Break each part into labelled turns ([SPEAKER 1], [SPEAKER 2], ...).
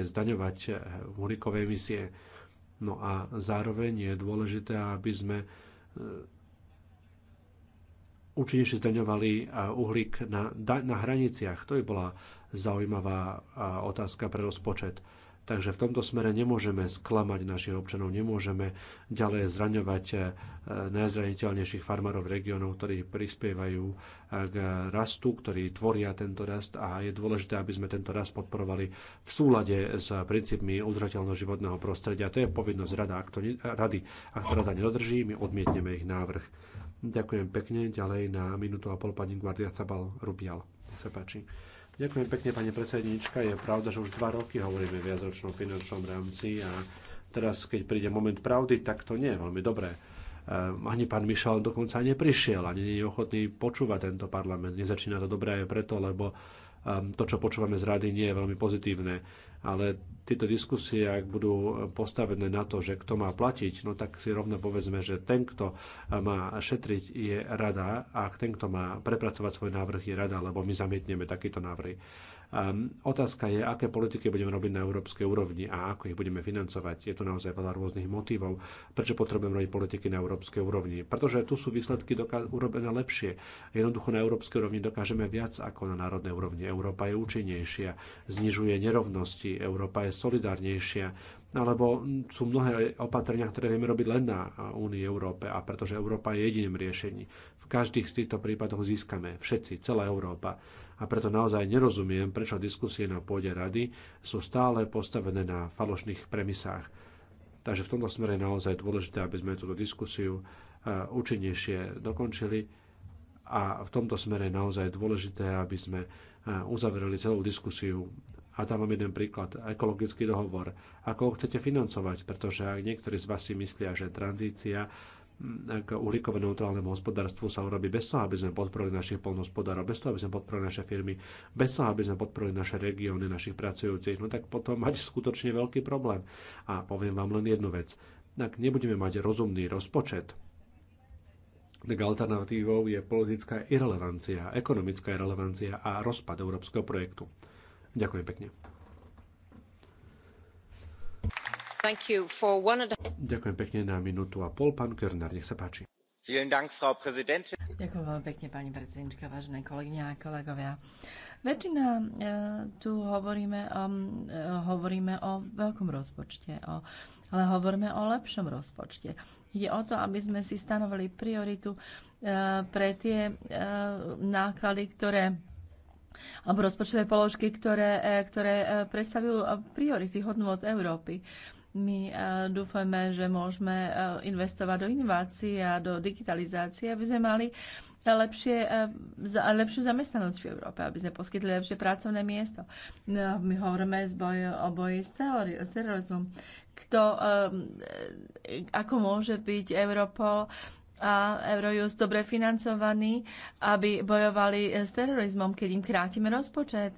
[SPEAKER 1] zdaňovať eh, uhlíkové emisie. No a zároveň je dôležité, aby sme eh, účinnejšie zdaňovali eh, uhlík na, na hraniciach. To by bola zaujímavá otázka pre rozpočet. Takže v tomto smere nemôžeme sklamať našich občanov, nemôžeme ďalej zraňovať eh, najzraniteľnejších farmárov regiónov, ktorí prispievajú eh, k rastu, ktorí tvoria tento rast a je dôležité, aby sme tento rast podporovali v súlade s princípmi udržateľného životného prostredia. To je povinnosť rada. Ak to, rady. Ak to rada nedodrží, my odmietneme ich návrh. Ďakujem pekne. Ďalej na minútu a pol pani Guardia Tabal Rubial. Nech sa páči. Ďakujem pekne, pani predsedníčka. Je pravda, že už dva roky hovoríme o viacročnom finančnom rámci a teraz, keď príde moment pravdy, tak to nie je veľmi dobré. Ehm, ani pán Mišal dokonca neprišiel, ani nie je ochotný počúvať tento parlament. Nezačína to dobré aj preto, lebo ehm, to, čo počúvame z rady, nie je veľmi pozitívne ale tieto diskusie, ak budú postavené na to, že kto má platiť, no tak si rovno povedzme, že ten, kto e, má šetriť, je rada a ten, kto má prepracovať svoj návrh, je rada, lebo my zamietneme takýto návrh. Ehm, otázka je, aké politiky budeme robiť na európskej úrovni a ako ich budeme financovať. Je tu naozaj veľa rôznych motivov, prečo potrebujeme robiť politiky na európskej úrovni. Pretože tu sú výsledky urobené lepšie. Jednoducho na európskej úrovni dokážeme viac ako na národnej úrovni. Európa je účinnejšia, znižuje nerovnosti, Európa je solidárnejšia, alebo sú mnohé opatrenia, ktoré vieme robiť len na Únii Európe a pretože Európa je jediným riešením. V každých z týchto prípadoch získame všetci, celá Európa a preto naozaj nerozumiem, prečo diskusie na pôde rady sú stále postavené na falošných premisách. Takže v tomto smere je naozaj dôležité, aby sme túto diskusiu eh, účinnejšie dokončili a v tomto smere je naozaj dôležité, aby sme eh, uzavreli celú diskusiu a tam mám jeden príklad, ekologický dohovor. Ako ho chcete financovať? Pretože ak niektorí z vás si myslia, že tranzícia k uhlíkovo-neutrálnemu hospodárstvu sa urobí bez toho, aby sme podporili našich polnospodárov, bez toho, aby sme podporili naše firmy, bez toho, aby sme podporili naše regióny, našich pracujúcich, no tak potom mať skutočne veľký problém. A poviem vám len jednu vec. Ak nebudeme mať rozumný rozpočet, tak alternatívou je politická irrelevancia, ekonomická irrelevancia a rozpad európskeho projektu. Ďakujem pekne. Ďakujem pekne na minútu a pol. Pán Körner, nech sa páči.
[SPEAKER 2] Ďakujem veľmi pekne, pani predsednička, vážené kolegyne a kolegovia. Väčšina e, tu hovoríme o, e, e, hovoríme o veľkom rozpočte, o, ale hovoríme o lepšom rozpočte. Ide o to, aby sme si stanovali prioritu pre tie náklady, ktoré alebo rozpočtové položky, ktoré, ktoré predstavujú priority hodnú od Európy. My eh, dúfame, že môžeme eh, investovať do inovácií a do digitalizácie, aby sme mali eh, lepšie, lepšiu zamestnanosť v Európe, aby sme poskytli lepšie pracovné miesto. No, my hovoríme z o boji s terorizmom. Kto, ako môže byť Europol a Eurojust dobre financovaní, aby bojovali s terorizmom, keď im krátime rozpočet.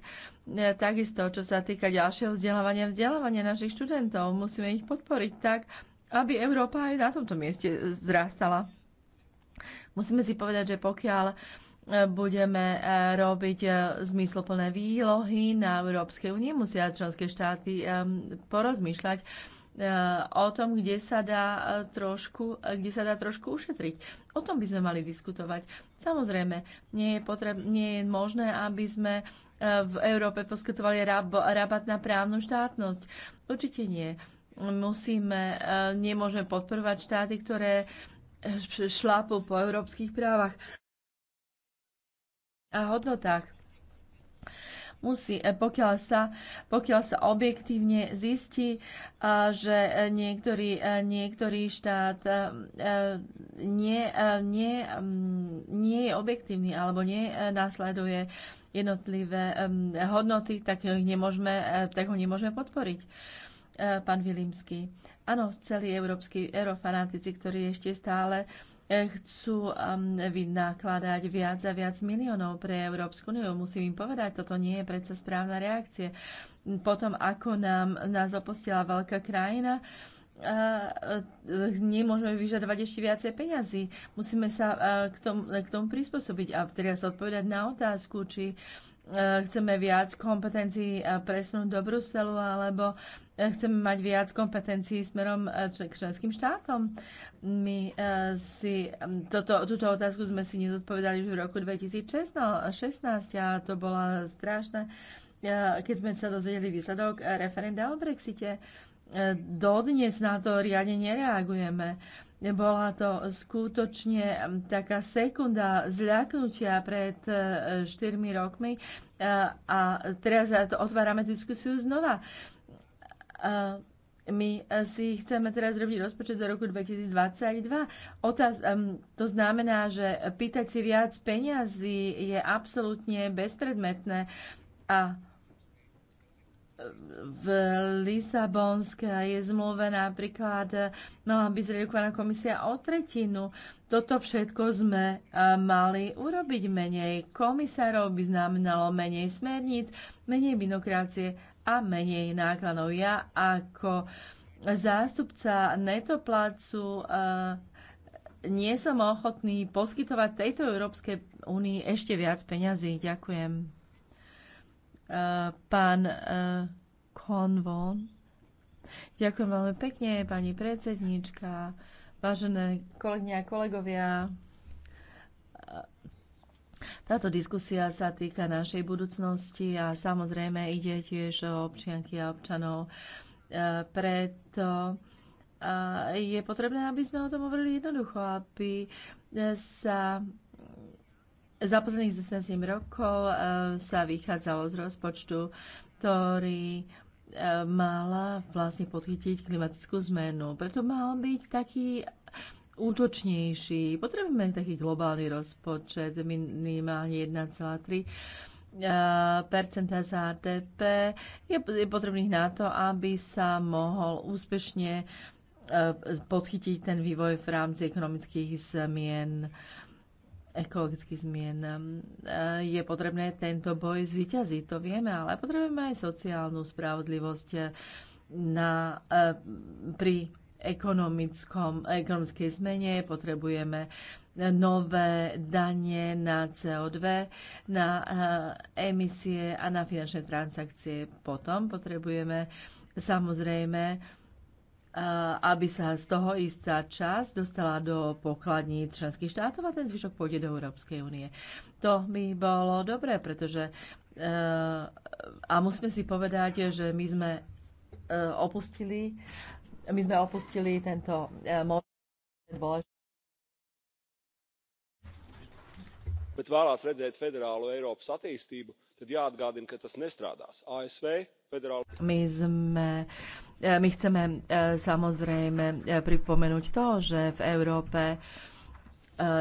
[SPEAKER 2] E, takisto, čo sa týka ďalšieho vzdelávania, vzdelávania našich študentov, musíme ich podporiť tak, aby Európa aj na tomto mieste zrastala. Musíme si povedať, že pokiaľ e, budeme e, robiť zmysloplné výlohy na Európskej únie, musia členské štáty porozmýšľať, Eh, o tom, kde sa dá eh, trošku, eh, kde sa dá trošku ušetriť. O tom by sme mali diskutovať. Samozrejme, nie je, potreb, nie je možné, aby sme v Európe poskytovali rab, rabat na právnu štátnosť. Určite nie. Musíme, nemôžeme podporovať štáty, ktoré šlápu po európskych právach a hodnotách musí, e, pokiaľ sa, pokiaľ sa objektívne zistí, e, že e, niektorý, niektorý štát nie, nie, nie je objektívny alebo nenásleduje jednotlivé hodnoty, tak, ich nemôžeme, tak ho nemôžeme podporiť. Pán Vilimský. Áno, celí európsky eurofanatici, ktorí ešte stále uh, Eh, chcú vynakladať viac a viac miliónov pre Európsku úniu. Musím im povedať, toto nie je predsa správna reakcia. Potom, ako nám, nás opustila veľká krajina, a eh, nemôžeme vyžadovať ešte viacej peňazí. Musíme sa eh, k tomu, k tomu prispôsobiť. A teraz odpovedať na otázku, či chceme viac kompetencií eh, presunúť do Bruselu alebo eh, chceme mať viac kompetencií smerom eh, k členským štátom. My si mm, toto, túto otázku sme si nezodpovedali už v roku 2016 a to bola strašné, keď sme sa dozvedeli výsledok referenda o Brexite. Dodnes na to riadne nereagujeme. Bola to skutočne mm, taká sekunda zľaknutia pred 4 e, rokmi e, a teraz otvárame diskusiu znova. E, my si chceme teraz robiť rozpočet do roku 2022. Mm, to znamená, že pýtať si viac peňazí je absolútne bezpredmetné a v Lisabonskej je zmluve napríklad eh, mala byť zredukovaná komisia o tretinu. Toto všetko sme eh, mali urobiť menej komisárov, by znamenalo menej smerníc, menej binokracie a menej nákladov. Ja ako zástupca netoplácu eh, nie som ochotný poskytovať tejto Európskej únii ešte viac peňazí. Ďakujem. Eh, pán Konvon. Eh, Ďakujem veľmi pekne, pani predsedníčka, vážené kolegyne a kolegovia. Eh, táto diskusia sa týka našej budúcnosti a samozrejme ide tiež o občianky a občanov. Preto je potrebné, aby sme o tom hovorili jednoducho, aby sa za posledných 16 rokov e, sa vychádzalo z rozpočtu, ktorý e, mala vlastne podchytiť klimatickú zmenu. Preto mal byť taký útočnejší. Potrebujeme taký globálny rozpočet, minimálne 1,3 e, percenta z HDP je, je potrebných na to, aby sa mohol úspešne podchytiť ten vývoj v rámci ekonomických zmien ekologických zmien. Ehm, eh, je potrebné tento boj zvyťaziť, to vieme, ale potrebujeme aj sociálnu spravodlivosť eh, na, eh, pri ekonomickom, ekonomickej zmene, potrebujeme nové danie na CO2, na emisie a na finančné transakcie. Potom potrebujeme samozrejme Eh, aby sa z toho istá časť dostala do pokladníc členských štátov a ten zvyšok pôjde do Európskej únie. To mi bolo dobré, pretože eh, a musíme si povedať, že my sme eh, opustili my sme opustili tento moment bet vēlās redzēt federālu
[SPEAKER 1] Eiropas attīstību, tad jāatgādina, ka tas nestrādās. ASV federālu.
[SPEAKER 2] My sme uh, E, my chceme e, samozrejme e, pripomenúť to, že v Európe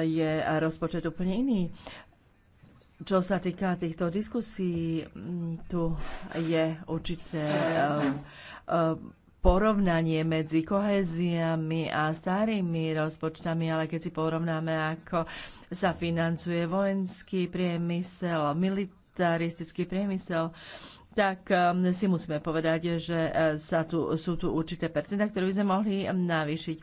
[SPEAKER 2] je rozpočet úplne iný. Čo sa týka týchto diskusí, tu je určité porovnanie medzi koheziami a starými rozpočtami, ale keď si porovnáme, ako sa financuje vojenský priemysel, militaristický priemysel, tak um, si musíme povedať, že uh, sa tu, sú tu určité percenta, ktoré by sme mohli um, navýšiť.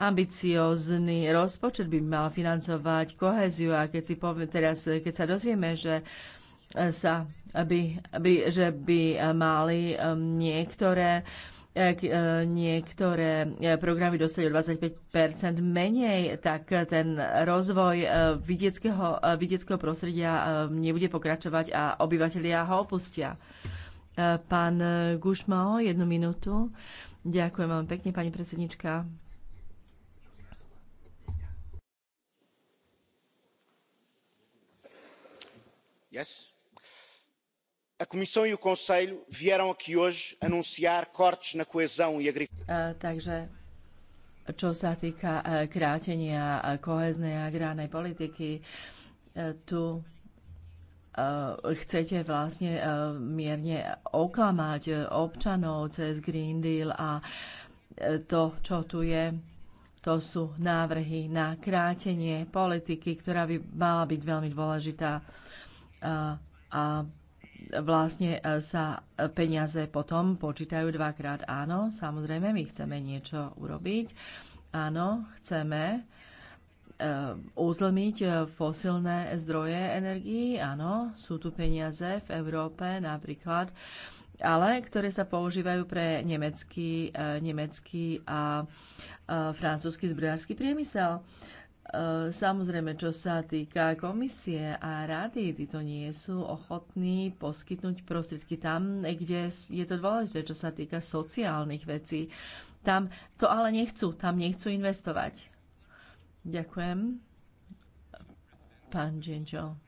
[SPEAKER 2] Ambiciózny rozpočet by mal financovať koheziu a keď si povie, teraz, keď sa dozvieme, že uh, sa aby, aby, že by uh, mali um, niektoré E, e, niektoré e, programy o 25 menej, tak ten rozvoj vidieckého, vidieckého prostredia nebude pokračovať a obyvateľia ho opustia. Pán Gušmao, jednu minútu. Ďakujem vám pekne, pani predsednička.
[SPEAKER 1] Yes. E e
[SPEAKER 2] eh, takže čo sa týka eh, krátenia eh, kohéznej agrárnej politiky, tu chcete vlastne mierne oklamať občanov cez Green Deal a to, čo tu je, to sú návrhy na krátenie politiky, ktorá by mala byť veľmi dôležitá a, a vlastne e, sa e, peniaze potom počítajú dvakrát. Áno, samozrejme, my chceme niečo urobiť. Áno, chceme e, utlmiť fosilné zdroje energií. Áno, sú tu peniaze v Európe napríklad, ale ktoré sa používajú pre nemecký, nemecký a francúzsky zbrojársky priemysel. Eh, samozrejme, čo sa týka komisie a rady, títo nie sú ochotní poskytnúť prostriedky tam, kde je to dôležité, čo sa týka sociálnych vecí. Tam to ale nechcú, tam nechcú investovať. Ďakujem. Pán Džinčo.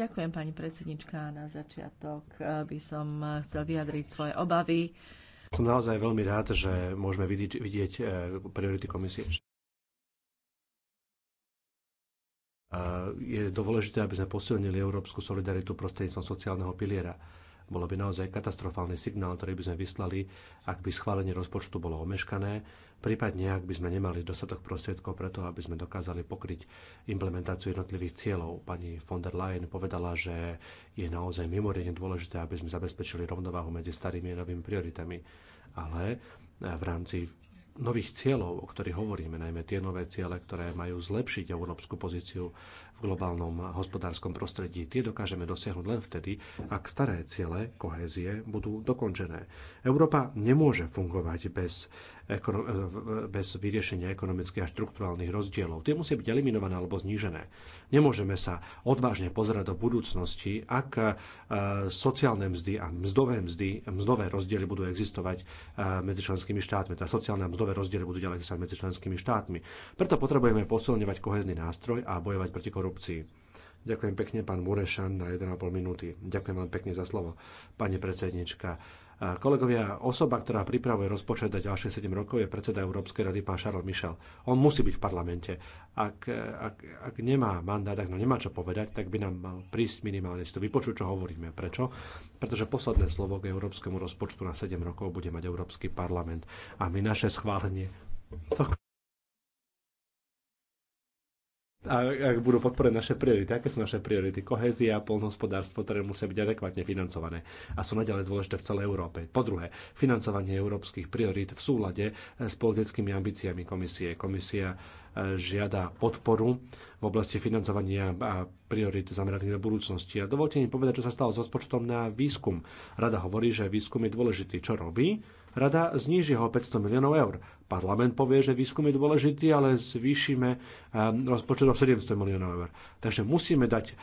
[SPEAKER 2] Ďakujem, pani predsednička. Na začiatok eh, by som chcel vyjadriť svoje obavy.
[SPEAKER 1] Som naozaj veľmi rád, že môžeme vidieť, vidieť eh, priority komisie. je dôležité, aby sme posilnili európsku solidaritu prostredníctvom sociálneho piliera. Bolo by naozaj katastrofálny signál, ktorý by sme vyslali, ak by schválenie rozpočtu bolo omeškané, prípadne ak by sme nemali dostatok prostriedkov preto, aby sme dokázali pokryť implementáciu jednotlivých cieľov. Pani von der Leyen povedala, že je naozaj mimoriadne dôležité, aby sme zabezpečili rovnováhu medzi starými a novými prioritami. Ale v rámci nových cieľov, o ktorých hovoríme, najmä tie nové ciele, ktoré majú zlepšiť európsku pozíciu v globálnom hospodárskom prostredí. Tie dokážeme dosiahnuť len vtedy, ak staré ciele kohézie budú dokončené. Európa nemôže fungovať bez, bez vyriešenia ekonomických a štruktúrálnych rozdielov. Tie musia byť eliminované alebo znížené. Nemôžeme sa odvážne pozerať do budúcnosti, ak e, sociálne mzdy a mzdové mzdy, mzdové rozdiely budú existovať e, medzi členskými štátmi. Tá teda sociálne a mzdové rozdiely budú ďalej existovať medzi členskými štátmi. Preto potrebujeme posilňovať kohezný nástroj a bojovať proti korupcii korupcii. Ďakujem pekne, pán Murešan, na 1,5 minúty. Ďakujem vám pekne za slovo, pani predsednička. Kolegovia, osoba, ktorá pripravuje rozpočet na ďalšie 7 rokov, je predseda Európskej rady pán Charles Michel. On musí byť v parlamente. Ak, ak, ak nemá mandát, ak nám nemá čo povedať, tak by nám mal prísť minimálne si to vypočuť, čo hovoríme. Prečo? Pretože posledné slovo k európskemu rozpočtu na 7 rokov bude mať Európsky parlament. A my naše schválenie... A ak budú podporiť naše priority. Aké sú naše priority? Kohézia, polnohospodárstvo, ktoré musia byť adekvátne financované a sú naďalej dôležité v celej Európe. Po druhé, financovanie európskych priorít v súlade s politickými ambíciami komisie. Komisia e, žiada podporu v oblasti financovania a priorit zameraných na budúcnosti. A dovolte mi povedať, čo sa stalo s rozpočtom na výskum. Rada hovorí, že výskum je dôležitý. Čo robí? Rada zníži ho 500 miliónov eur. Parlament povie, že výskum je dôležitý, ale zvýšime eh, rozpočet o 700 miliónov eur. Takže musíme dať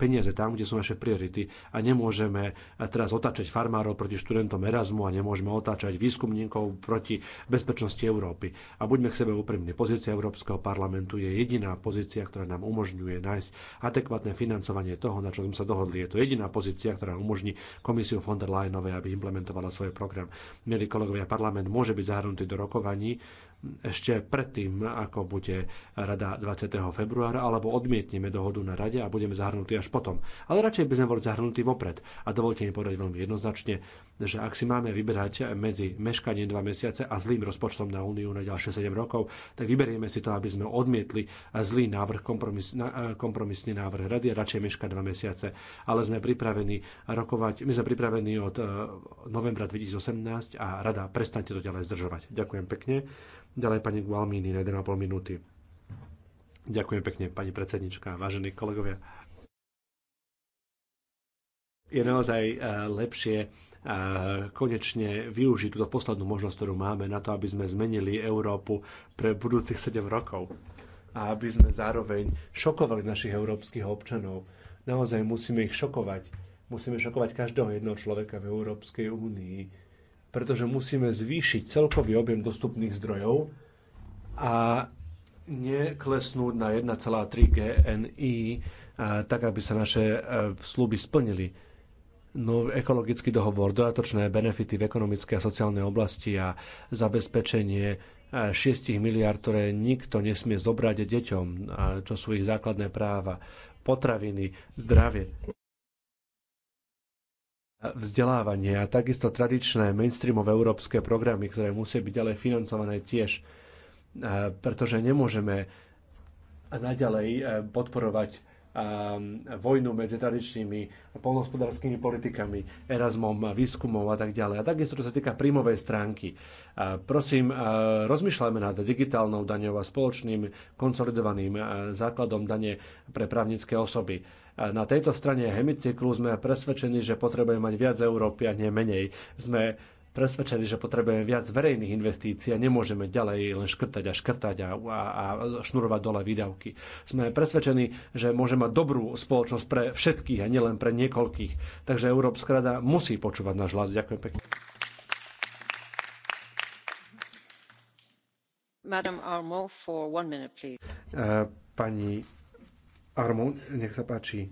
[SPEAKER 1] peniaze tam, kde sú naše priority a nemôžeme eh, teraz otáčať farmárov proti študentom Erasmu a nemôžeme otáčať výskumníkov proti bezpečnosti Európy. A buďme k sebe úprimní. Pozícia Európskeho parlamentu je jediná pozícia, ktorá nám umožňuje nájsť adekvátne financovanie toho, na čo sme sa dohodli. Je to jediná pozícia, ktorá umožní komisiu von der Leyenovej, aby implementovala svoj program. Milí kolegovia, parlament môže byť zahrnutý do rokovaní ľudí ešte predtým, ako bude rada 20. februára, alebo odmietneme dohodu na rade a budeme zahrnutí až potom. Ale radšej by sme boli zahrnutí vopred. A dovolte mi povedať veľmi jednoznačne, že ak si máme vyberať medzi meškaním 2 mesiace a zlým rozpočtom na úniu na ďalšie 7 rokov, tak vyberieme si to, aby sme odmietli zlý návrh, kompromis, e, kompromisný návrh rady a radšej meška 2 mesiace. Ale sme pripravení rokovať, my sme pripravení od e, novembra 2018 a rada prestante to ďalej zdržovať. Ďakujem pekne. Ďalej pani Gualmini na 1,5 minúty. Ďakujem pekne, pani predsednička, vážení kolegovia. Je naozaj eh, lepšie eh, konečne využiť túto poslednú možnosť, ktorú máme na to, aby sme zmenili Európu pre budúcich 7 rokov a aby sme zároveň šokovali našich európskych občanov. Naozaj musíme ich šokovať. Musíme šokovať každého jednoho človeka v Európskej únii pretože musíme zvýšiť celkový objem dostupných zdrojov a neklesnúť na 1,3 GNI, tak aby sa naše e, sluby splnili. No, ekologický dohovor, dodatočné benefity v ekonomickej a sociálnej oblasti a zabezpečenie 6 e, miliard, ktoré nikto nesmie zobrať deťom, čo sú ich základné práva, potraviny, zdravie vzdelávanie a takisto tradičné mainstreamové európske programy, ktoré musia byť ďalej financované tiež, e, pretože nemôžeme naďalej e, podporovať e, vojnu medzi tradičnými polnohospodárskymi politikami, Erasmom, výskumom a tak ďalej. A takisto, čo sa týka príjmovej stránky. Prosím, rozmýšľajme nad digitálnou daňou a spoločným konsolidovaným základom dane pre právnické osoby na tejto strane hemicyklu sme presvedčení, že potrebujeme mať viac Európy a nie menej. Sme presvedčení, že potrebujeme viac verejných investícií a nemôžeme ďalej len škrtať a škrtať a, a, a šnurovať dole výdavky. Sme presvedčení, že môže mať dobrú spoločnosť pre všetkých a nielen pre niekoľkých. Takže Európska rada musí počúvať náš hlas. Ďakujem pekne.
[SPEAKER 2] Madam Armo, for one minute, please.
[SPEAKER 1] Uh, pani Armo, nech sa páči.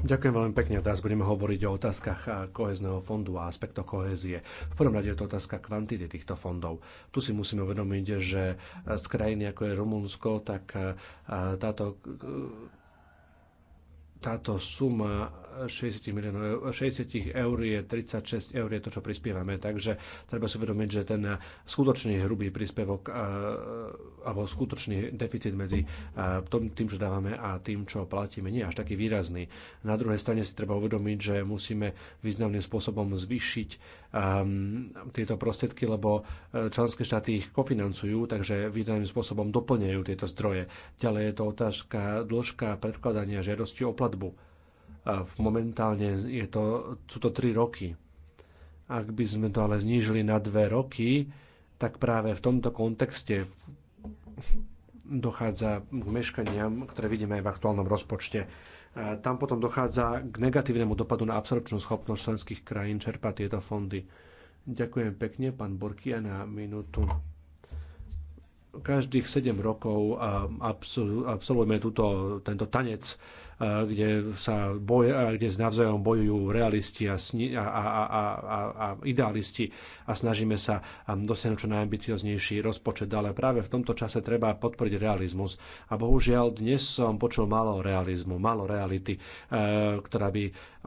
[SPEAKER 1] Ďakujem veľmi pekne. Teraz budeme hovoriť o otázkach kohezného fondu a aspektoch kohézie. V prvom rade je to otázka kvantity týchto fondov. Tu si musíme uvedomiť, že z krajiny ako je Rumunsko, tak táto táto suma 60, miliónov, 60 eur je 36 eur je to, čo prispievame. Takže treba si uvedomiť, že ten skutočný hrubý príspevok alebo skutočný deficit medzi tým, čo dávame a tým, čo platíme, nie je až taký výrazný. Na druhej strane si treba uvedomiť, že musíme významným spôsobom zvýšiť tieto prostriedky, lebo e, členské štáty ich kofinancujú, takže významným spôsobom doplňajú tieto zdroje. Ďalej je to otázka dĺžka predkladania žiadosti o platbu. A momentálne je to, sú to 3 roky. Ak by sme to ale znížili na 2 roky, tak práve v tomto kontexte dochádza k meškaniam, ktoré vidíme aj v aktuálnom rozpočte. Tam potom dochádza k negatívnemu dopadu na absorpčnú schopnosť členských krajín čerpať tieto fondy. Ďakujem pekne, pán Borkia, na minútu každých 7 rokov absolvujeme túto, tento tanec kde sa boj, kde s navzájom bojujú realisti a, sni, a, a, a, a, a idealisti a snažíme sa dosiahnuť čo najambicioznejší rozpočet. Ale práve v tomto čase treba podporiť realizmus. A bohužiaľ dnes som počul málo realizmu, málo reality, e, ktorá by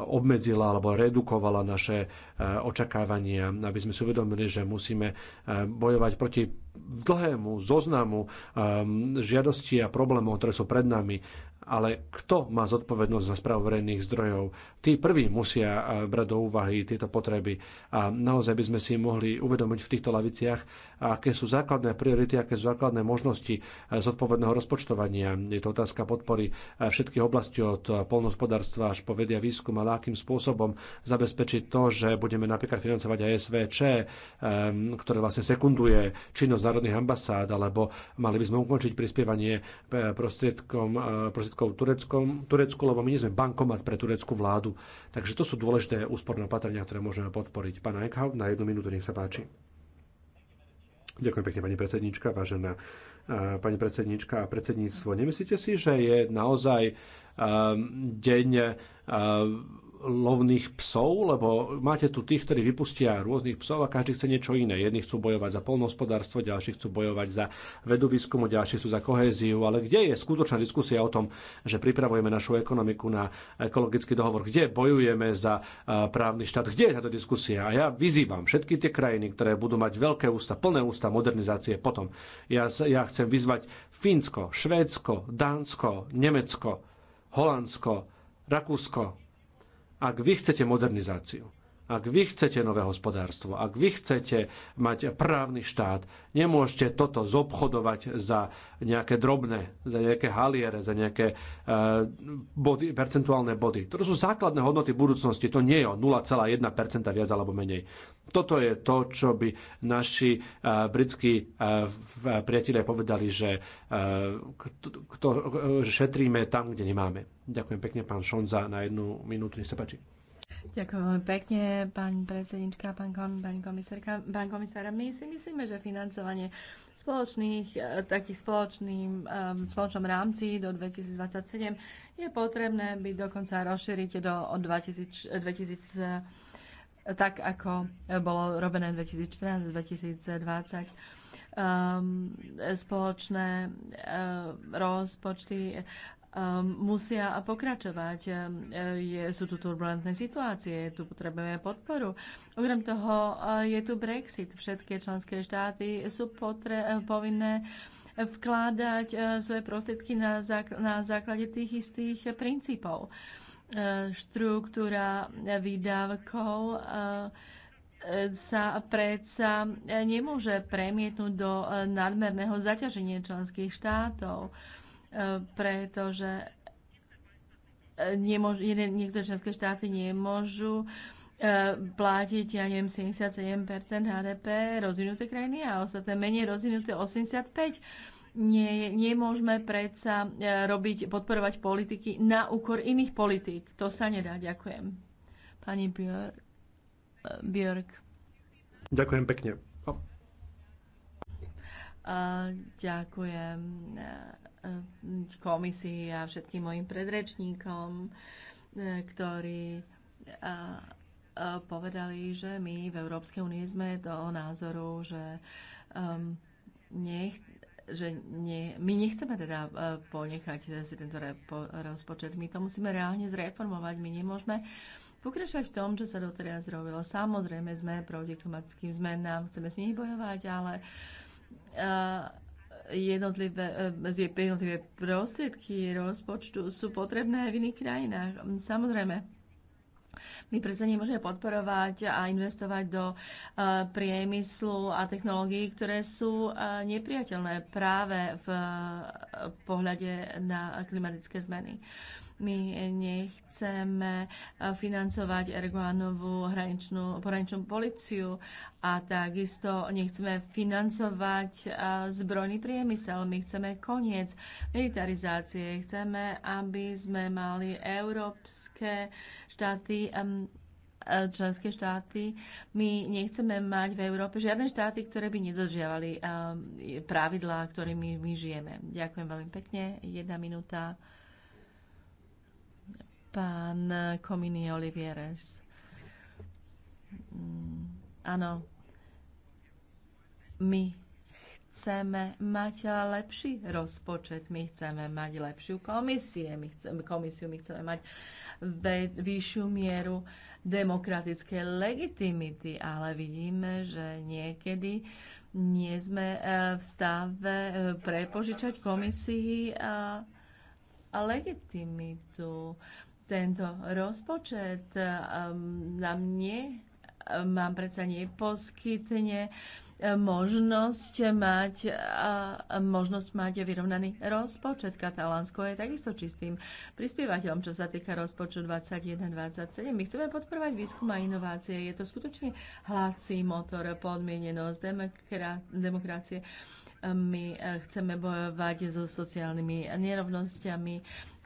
[SPEAKER 1] obmedzila alebo redukovala naše e, očakávania, aby sme si uvedomili, že musíme e, bojovať proti dlhému zoznamu žiadostí a problémov, ktoré sú pred nami ale kto má zodpovednosť za správu verejných zdrojov? Tí prví musia eh, brať do úvahy tieto potreby a naozaj by sme si mohli uvedomiť v týchto laviciach, aké sú základné priority, aké sú základné možnosti eh, zodpovedného rozpočtovania. Je to otázka podpory eh, všetkých oblastí od polnospodárstva až po vedia výskum, ale akým spôsobom zabezpečiť to, že budeme napríklad financovať aj SVČ, ktoré vlastne sekunduje činnosť národných ambasád, alebo mali by sme ukončiť prispievanie prostriedkom, prostriedkom prostriedkov Tureckom, Turecku, lebo my nie sme bankomat pre tureckú vládu. Takže to sú dôležité úsporné opatrenia, ktoré môžeme podporiť. Pán Eichhout, na jednu minútu, nech sa páči. Ďakujem pekne, pani predsednička, vážená eh, pani predsednička a predsedníctvo. Nemyslíte si, že je naozaj eh, deň eh, lovných psov, lebo máte tu tých, ktorí vypustia rôznych psov a každý chce niečo iné. Jedni chcú bojovať za polnohospodárstvo, ďalší chcú bojovať za vedu výskumu, ďalší sú za kohéziu. Ale kde je skutočná diskusia o tom, že pripravujeme našu ekonomiku na ekologický dohovor? Kde bojujeme za právny štát? Kde je táto diskusia? A ja vyzývam všetky tie krajiny, ktoré budú mať veľké ústa, plné ústa modernizácie potom. Ja, ja chcem vyzvať Fínsko, Švédsko, Dánsko, Nemecko, Holandsko, Rakúsko, ak vy chcete modernizáciu, ak vy chcete nové hospodárstvo, ak vy chcete mať právny štát, nemôžete toto zobchodovať za nejaké drobné, za nejaké haliere, za nejaké e, body, percentuálne body. To sú základné hodnoty budúcnosti. To nie je o 0,1% viac alebo menej. Toto je to, čo by naši e, britskí e, priatelia povedali, že šetríme tam, kde nemáme. Ďakujem pekne, pán Šonza, na jednu minútu. Nech sa páči.
[SPEAKER 2] Ďakujem veľmi pekne, pani predsednička, pán, kom, pani komisárka. Pán komisár, my si myslíme, že financovanie spoločných, e, takých spoločným, e, spoločnom rámci do 2027 je potrebné by dokonca rozšíriť do od 2000, 2000 e, tak ako bolo robené 2014-2020 ehm, spoločné rozpočty Ehm, musia pokračovať. Ehm, je, sú tu turbulentné situácie, tu potrebujeme podporu. Okrem toho eh, je tu Brexit. Všetky členské štáty sú potre- eh, povinné vkládať eh, svoje prostriedky na, zák- na základe tých istých princípov. Štruktúra výdavkov sa predsa nemôže premietnúť do nadmerného zaťaženia členských štátov pretože e, niektoré členské štáty nemôžu e, platiť, ja neviem, 77% HDP rozvinuté krajiny a ostatné menej rozvinuté 85%. Nie, nemôžeme predsa e, robiť, podporovať politiky na úkor iných politík. To sa nedá. Ďakujem. Pani Björk.
[SPEAKER 1] Ďakujem pekne.
[SPEAKER 2] Uh, ďakujem komisii a všetkým mojim predrečníkom, e, ktorí e, e, povedali, že my v Európskej únie sme toho názoru, že, um, nech, že ne, my nechceme teda ponechať tento rozpočet. My to musíme reálne zreformovať. My nemôžeme pokračovať v tom, čo sa doteraz robilo. Samozrejme sme proti klimatickým zmenám, chceme s nimi bojovať, ale uh, jednotlivé, tie jednotlivé prostriedky rozpočtu sú potrebné aj v iných krajinách. Samozrejme, my predsa nemôžeme podporovať a investovať do e, priemyslu a technológií, ktoré sú e, nepriateľné práve v e, pohľade na klimatické zmeny. My nechceme eh, financovať Erdoganovú hraničnú, pohraničnú policiu a takisto nechceme financovať eh, zbrojný priemysel. My chceme koniec militarizácie. Chceme, aby sme mali európske štáty eh, členské štáty. My nechceme mať v Európe žiadne štáty, ktoré by nedodržiavali pravidlá, ktorými my žijeme. Ďakujem veľmi pekne. Jedna minúta. Pán Komini Olivieres. Mm, áno, my chceme mať lepší rozpočet, my chceme mať lepšiu komisie, my chceme, komisiu, my chceme mať vyššiu mieru demokratické legitimity, ale vidíme, že niekedy nie sme e, v stave e, prepožičať komisii e, a legitimitu tento rozpočet eh, na mne eh, mám predsa neposkytne eh, možnosť mať, možnosť mať vyrovnaný rozpočet. Katalánsko je takisto čistým prispievateľom, čo sa týka rozpočtu 21-27. My chceme podporovať výskum a inovácie. Je to skutočne hladcí motor, podmienenosť demokracie. My chceme bojovať so sociálnymi nerovnosťami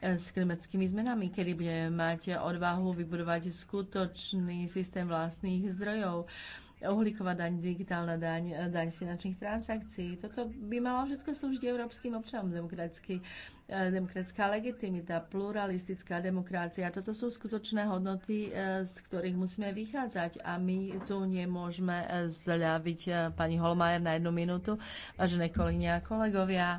[SPEAKER 2] s klimatickými zmenami, kedy budeme mať odvahu vybudovať skutočný systém vlastných zdrojov, uhlíková daň, digitálna daň, daň z finančných transakcií. Toto by malo všetko slúžiť európskym občanom, eh, demokratická legitimita, pluralistická demokracia. Toto sú skutočné hodnoty, eh, z ktorých musíme vychádzať a my tu nemôžeme eh, zľaviť pani Holmajer na jednu minútu. Vážené kolegyne a kolegovia,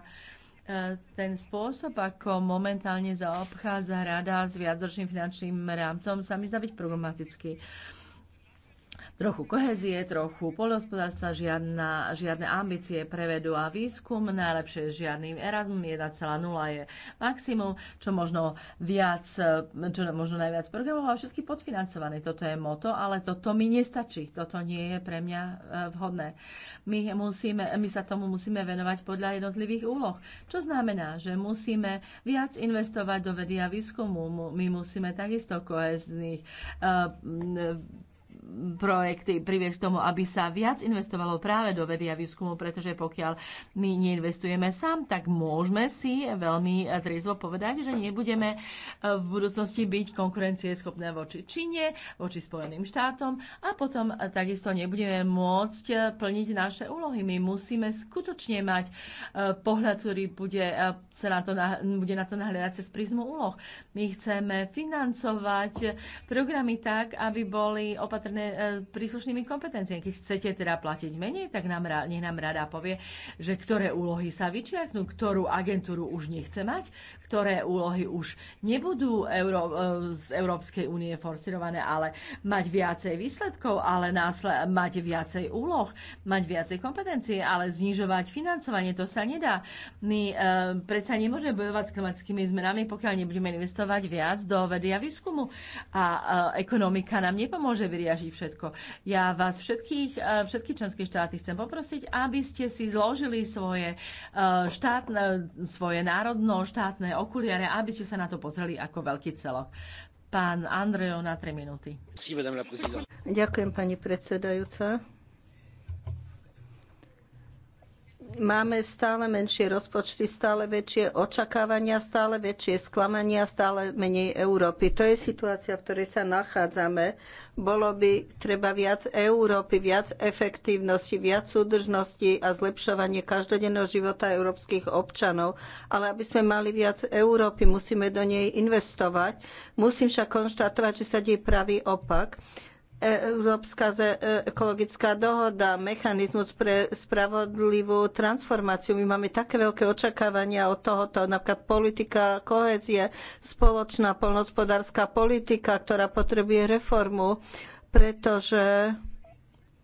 [SPEAKER 2] E, ten spôsob, ako momentálne zaobchádza rada s viacročným finančným rámcom, sa mi zdá byť problematický trochu kohezie, trochu polnospodárstva, žiadna, žiadne ambície vedu a výskum, najlepšie s žiadnym Erasmom 1,0 je maximum, čo možno viac, čo možno najviac programov a všetky podfinancované. Toto je moto, ale toto mi nestačí. Toto nie je pre mňa e, vhodné. My, musíme, my sa tomu musíme venovať podľa jednotlivých úloh. Čo znamená, že musíme viac investovať do vedy a výskumu. My musíme takisto kohezných e, projekty priviesť k tomu, aby sa viac investovalo práve do vedy a výskumu, pretože pokiaľ my neinvestujeme sám, tak môžeme si veľmi trizvo povedať, že nebudeme e, v budúcnosti byť konkurencieschopné voči Číne, voči Spojeným štátom a potom takisto nebudeme môcť e, plniť naše úlohy. My musíme skutočne mať e, pohľad, ktorý bude, sa na to, bude na to nahliadať cez prízmu úloh. My chceme financovať programy tak, aby boli opatrné dané e, príslušnými kompetenciami. Keď chcete teda platiť menej, tak nám, nech nám rada povie, že ktoré úlohy sa vyčiarknú, ktorú agentúru už nechce mať, ktoré úlohy už nebudú Euró- e, z Európskej únie forcirované, ale mať viacej výsledkov, ale násle- mať viacej úloh, mať viacej kompetencie, ale znižovať financovanie, to sa nedá. My e, predsa nemôžeme bojovať s klimatickými zmenami, pokiaľ nebudeme investovať viac do vedy a výskumu. A e, ekonomika nám nepomôže vyriešiť všetko. Ja vás všetkých, e, všetky členské štáty chcem poprosiť, aby ste si zložili svoje, e, štátne, svoje národno-štátne okuliare, aby ste sa na to pozreli ako veľký celok. Pán
[SPEAKER 3] Andrejo na 3 minúty. Ďakujem, pani predsedajúca. Máme stále menšie rozpočty, stále väčšie očakávania, stále väčšie sklamania, stále menej Európy. To je situácia, v ktorej sa nachádzame. Bolo by treba viac Európy, viac efektívnosti, viac súdržnosti a zlepšovanie každodenného života európskych občanov. Ale aby sme mali viac Európy, musíme do nej investovať. Musím však konštatovať, že sa deje pravý opak Európska ekologická dohoda, mechanizmus pre spravodlivú transformáciu. My máme také veľké očakávania od tohoto, napríklad politika kohézie, spoločná polnospodárska politika, ktorá potrebuje reformu, pretože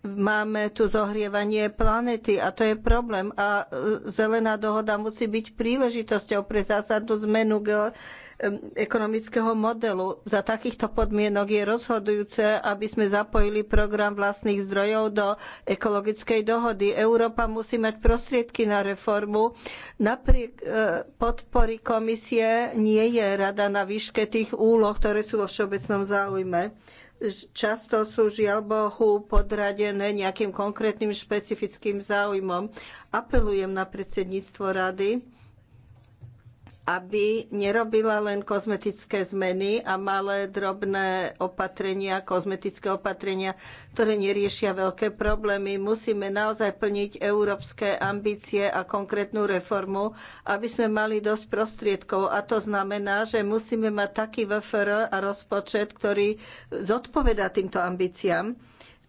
[SPEAKER 3] máme tu zohrievanie planéty a to je problém. A e, zelená dohoda musí byť príležitosťou pre zásadnú zmenu ekonomického modelu. Za takýchto podmienok je rozhodujúce, aby sme zapojili program vlastných zdrojov do ekologickej dohody. Európa musí mať prostriedky na reformu. Napriek e, podpory komisie nie je rada na výške tých úloh, ktoré sú vo všeobecnom záujme často sú žiaľ Bohu podradené nejakým konkrétnym špecifickým záujmom. Apelujem na predsedníctvo rady, aby nerobila len kozmetické zmeny a malé drobné opatrenia, kozmetické opatrenia, ktoré neriešia veľké problémy. Musíme naozaj plniť európske ambície a konkrétnu reformu, aby sme mali dosť prostriedkov. A to znamená, že musíme mať taký VFR a rozpočet, ktorý zodpoveda týmto ambíciám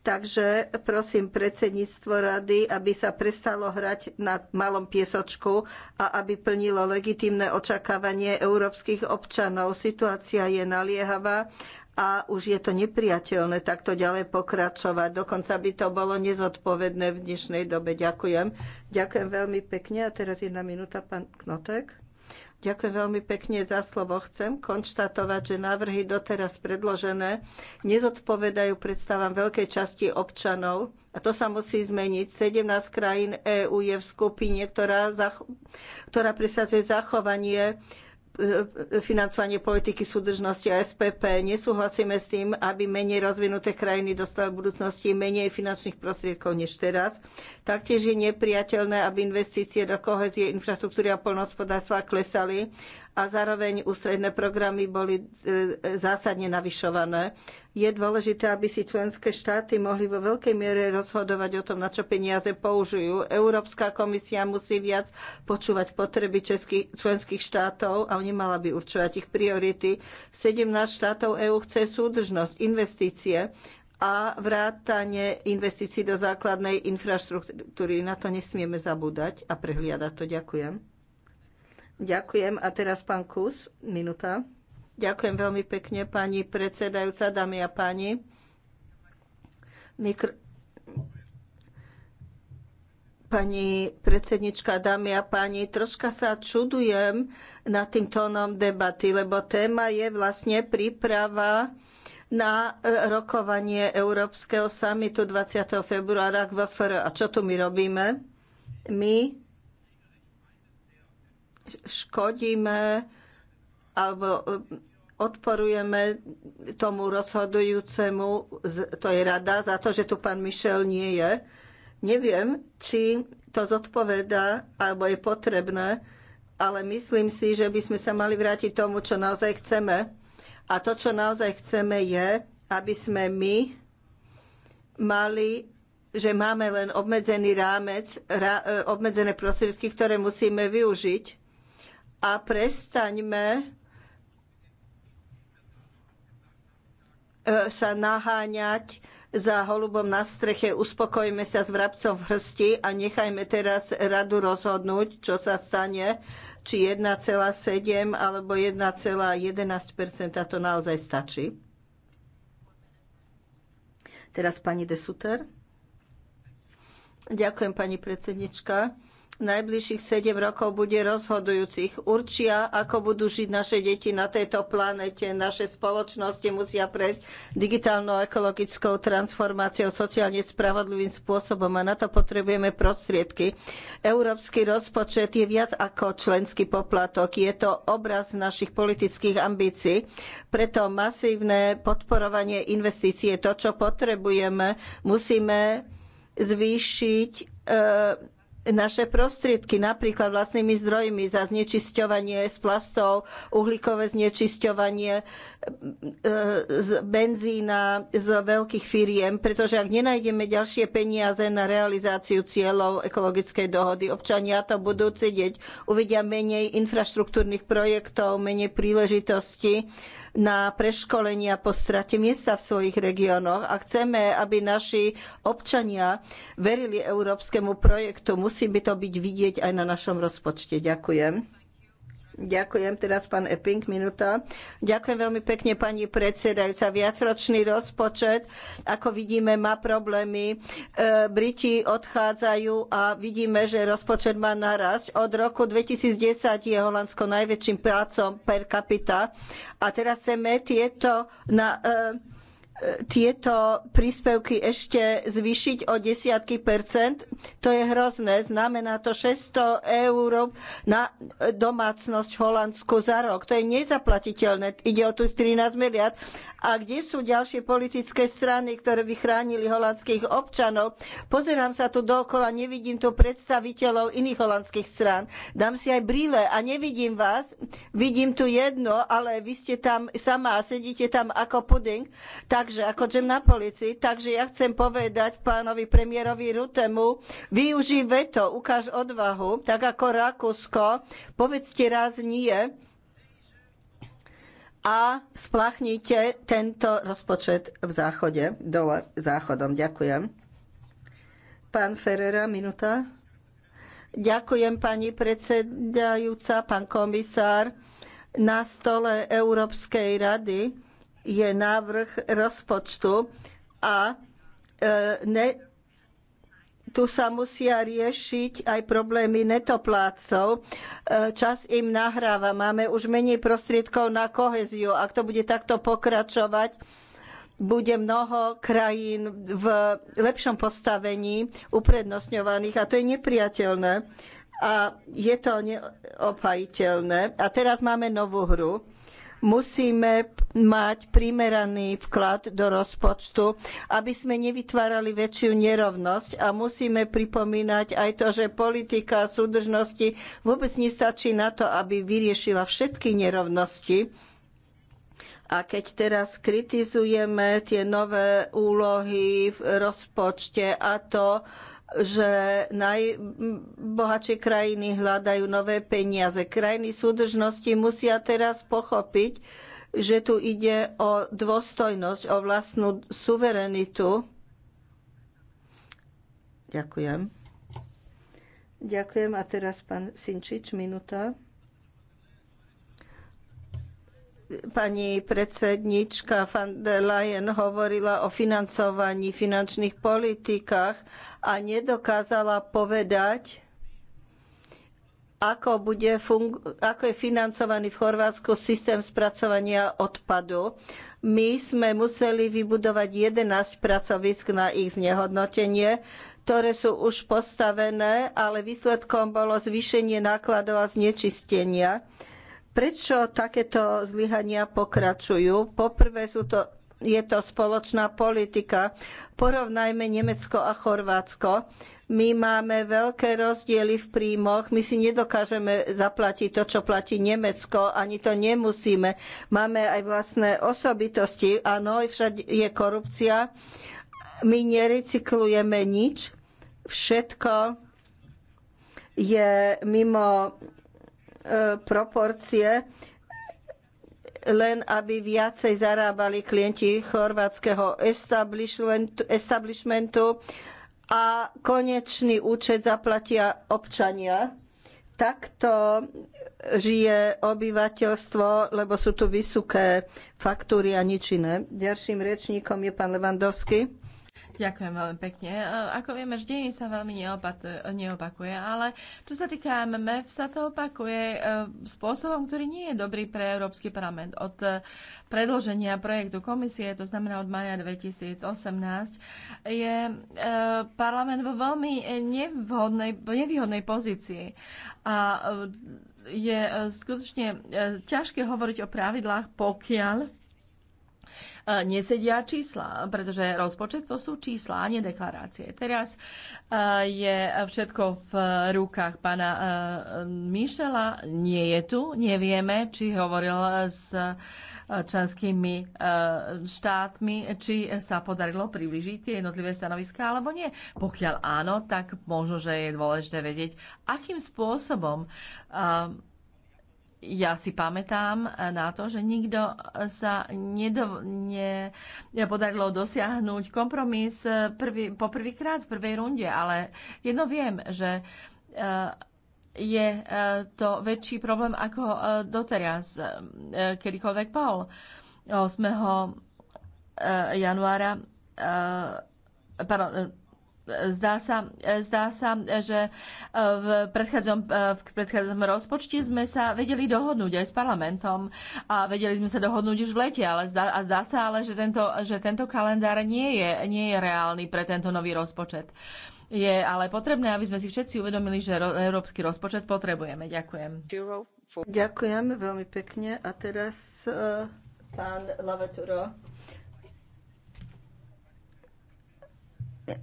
[SPEAKER 3] Takže prosím predsedníctvo rady, aby sa prestalo hrať na malom piesočku a aby plnilo legitímne očakávanie európskych občanov. Situácia je naliehavá a už je to nepriateľné takto ďalej pokračovať. Dokonca by to bolo nezodpovedné v dnešnej dobe. Ďakujem. Ďakujem veľmi pekne. A teraz jedna minúta, pán Knotek. Ďakujem veľmi pekne za slovo. Chcem konštatovať, že návrhy doteraz predložené nezodpovedajú predstavám veľkej časti občanov. A to sa musí zmeniť. 17 krajín EÚ je v skupine, ktorá, ktorá presadzuje zachovanie E, e, financovanie politiky súdržnosti a SPP. Nesúhlasíme s tým, aby menej rozvinuté krajiny dostali v budúcnosti menej finančných prostriedkov než teraz. Taktiež je nepriateľné, aby investície do kohezie infraštruktúry a poľnohospodárstva klesali a zároveň ústredné programy boli e, e, zásadne navyšované. Je dôležité, aby si členské štáty mohli vo veľkej miere rozhodovať o tom, na čo peniaze použijú. Európska komisia musí viac počúvať potreby českých, členských štátov a nemala by určovať ich priority. 17 štátov EÚ chce súdržnosť, investície a vrátanie investícií do základnej infraštruktúry. Na to nesmieme zabúdať a prehliadať to. Ďakujem. Ďakujem. A teraz pán Kus, minúta. Ďakujem veľmi pekne, pani predsedajúca, dámy a páni. Mikro... Pani predsednička, dámy a páni, troška sa čudujem nad tým tónom debaty, lebo téma je vlastne príprava na e, rokovanie Európskeho samitu 20. februára v FR. A čo tu my robíme? My škodíme alebo odporujeme tomu rozhodujúcemu, to je rada, za to, že tu pán Mišel nie je. Neviem, či to zodpoveda alebo je potrebné, ale myslím si, že by sme sa mali vrátiť tomu, čo naozaj chceme. A to, čo naozaj chceme, je, aby sme my mali že máme len obmedzený rámec, e, obmedzené prostriedky, ktoré musíme využiť a prestaňme e, sa naháňať za holubom na streche, uspokojme sa s vrabcom v hrsti a nechajme teraz radu rozhodnúť, čo sa stane, či 1,7 alebo 1,11 to naozaj stačí. Teraz pani de Suter. Ďakujem, pani predsednička najbližších 7 rokov bude rozhodujúcich. Určia, ako budú žiť naše deti na tejto planete. Naše spoločnosti musia prejsť digitálnou ekologickou transformáciou sociálne spravodlivým spôsobom a na to potrebujeme prostriedky. Európsky rozpočet je viac ako členský poplatok. Je to obraz našich politických ambícií. Preto masívne podporovanie investícií je to, čo potrebujeme. Musíme zvýšiť e, naše prostriedky, napríklad vlastnými zdrojmi za znečisťovanie z plastov, uhlíkové znečisťovanie e, z benzína, z veľkých firiem, pretože ak nenájdeme ďalšie peniaze na realizáciu cieľov ekologickej dohody, občania to budú cedieť, uvidia menej infraštruktúrnych projektov, menej príležitostí na preškolenia po strate miesta v svojich regiónoch a chceme, aby naši občania verili európskemu projektu, musí by to byť vidieť aj na našom rozpočte. Ďakujem. Ďakujem teraz pán Epping, minúta. Ďakujem veľmi pekne pani predsedajúca. Viacročný rozpočet, ako vidíme, má problémy. E, Briti odchádzajú a vidíme, že rozpočet má narasť. Od roku 2010 je Holandsko najväčším prácom per capita a teraz chceme tieto na, e, tieto príspevky ešte zvýšiť o desiatky percent. To je hrozné. Znamená to 600 eur na domácnosť v Holandsku za rok. To je nezaplatiteľné. Ide o tých 13 miliard. A kde sú ďalšie politické strany, ktoré by chránili holandských občanov? Pozerám sa tu dokola, nevidím tu predstaviteľov iných holandských strán. Dám si aj brýle a nevidím vás. Vidím tu jedno, ale vy ste tam sama a sedíte tam ako puding, takže ako džem na polici. Takže ja chcem povedať pánovi premiérovi Rutemu, využij veto, ukáž odvahu, tak ako Rakúsko, povedzte raz nie, a splachnite tento rozpočet v záchode, dole záchodom. Ďakujem. Pán Ferrera, minúta. Ďakujem, pani predsedajúca, pán komisár. Na stole Európskej rady je návrh rozpočtu a e, ne, tu sa musia riešiť aj problémy netoplácov. E, čas im nahráva. Máme už menej prostriedkov na koheziu. Ak to bude takto pokračovať, bude mnoho krajín v lepšom postavení uprednostňovaných a to je nepriateľné a je to neopajiteľné. A teraz máme novú hru Musíme mať primeraný vklad do rozpočtu, aby sme nevytvárali väčšiu nerovnosť a musíme pripomínať aj to, že politika súdržnosti vôbec nestačí na to, aby vyriešila všetky nerovnosti. A keď teraz kritizujeme tie nové úlohy v rozpočte a to, že najbohatšie krajiny hľadajú nové peniaze. Krajiny súdržnosti musia teraz pochopiť, že tu ide o dôstojnosť, o vlastnú suverenitu. Ďakujem. Ďakujem. A teraz pán Sinčič, minúta pani predsednička van der Leyen hovorila o financovaní finančných politikách a nedokázala povedať, ako, bude ako je financovaný v Chorvátsku systém spracovania odpadu. My sme museli vybudovať 11 pracovisk na ich znehodnotenie, ktoré sú už postavené, ale výsledkom bolo zvýšenie nákladov a znečistenia. Prečo takéto zlyhania pokračujú? Poprvé sú to, je to spoločná politika. Porovnajme Nemecko a Chorvátsko. My máme veľké rozdiely v príjmoch, my si nedokážeme zaplatiť to, čo platí Nemecko, ani to nemusíme. Máme aj vlastné osobitosti, áno, všade je korupcia. My nerecyklujeme nič, všetko je mimo proporcie, len aby viacej zarábali klienti chorvátskeho establishmentu a konečný účet zaplatia občania. Takto žije obyvateľstvo, lebo sú tu vysoké faktúry a nič iné. Ďalším rečníkom je pán Levandovský.
[SPEAKER 2] Ďakujem veľmi pekne. E, ako vieme, vždy sa veľmi neopakuje, ale čo sa týka MMF, sa to opakuje e, spôsobom, ktorý nie je dobrý pre Európsky parlament. Od e, predloženia projektu komisie, to znamená od maja 2018, je parlament vo veľmi nevhodnej, nevýhodnej pozícii. A je skutočne ťažké hovoriť o pravidlách, pokiaľ E, nesedia čísla, pretože rozpočet to sú čísla, a nie deklarácie. Teraz e, je všetko v rukách pána e, Mišela, nie je tu, nevieme, či hovoril s členskými štátmi, či sa podarilo približiť tie jednotlivé stanoviská alebo nie. Pokiaľ áno, tak možno, že je dôležité vedieť, akým spôsobom ja si pamätám eh, na to, že nikto sa nedo, ne, nepodarilo dosiahnuť kompromis eh, prvý, po prvýkrát v prvej runde, ale jedno viem, že eh, je to väčší problém ako doteraz, kedykoľvek bol. 8. januára, pardon, Zdá sa, zdá sa že e, v predchádzom, e, v predchádzom rozpočte sme sa vedeli dohodnúť aj s parlamentom a vedeli sme sa dohodnúť už v lete, ale zdá, a zdá sa ale, že tento, že tento kalendár nie je, nie je reálny pre tento nový rozpočet. Je ale potrebné, aby sme si všetci uvedomili, že ro, európsky rozpočet potrebujeme. Ďakujem.
[SPEAKER 3] Ďakujem veľmi pekne. A teraz e, pán Lavaturo.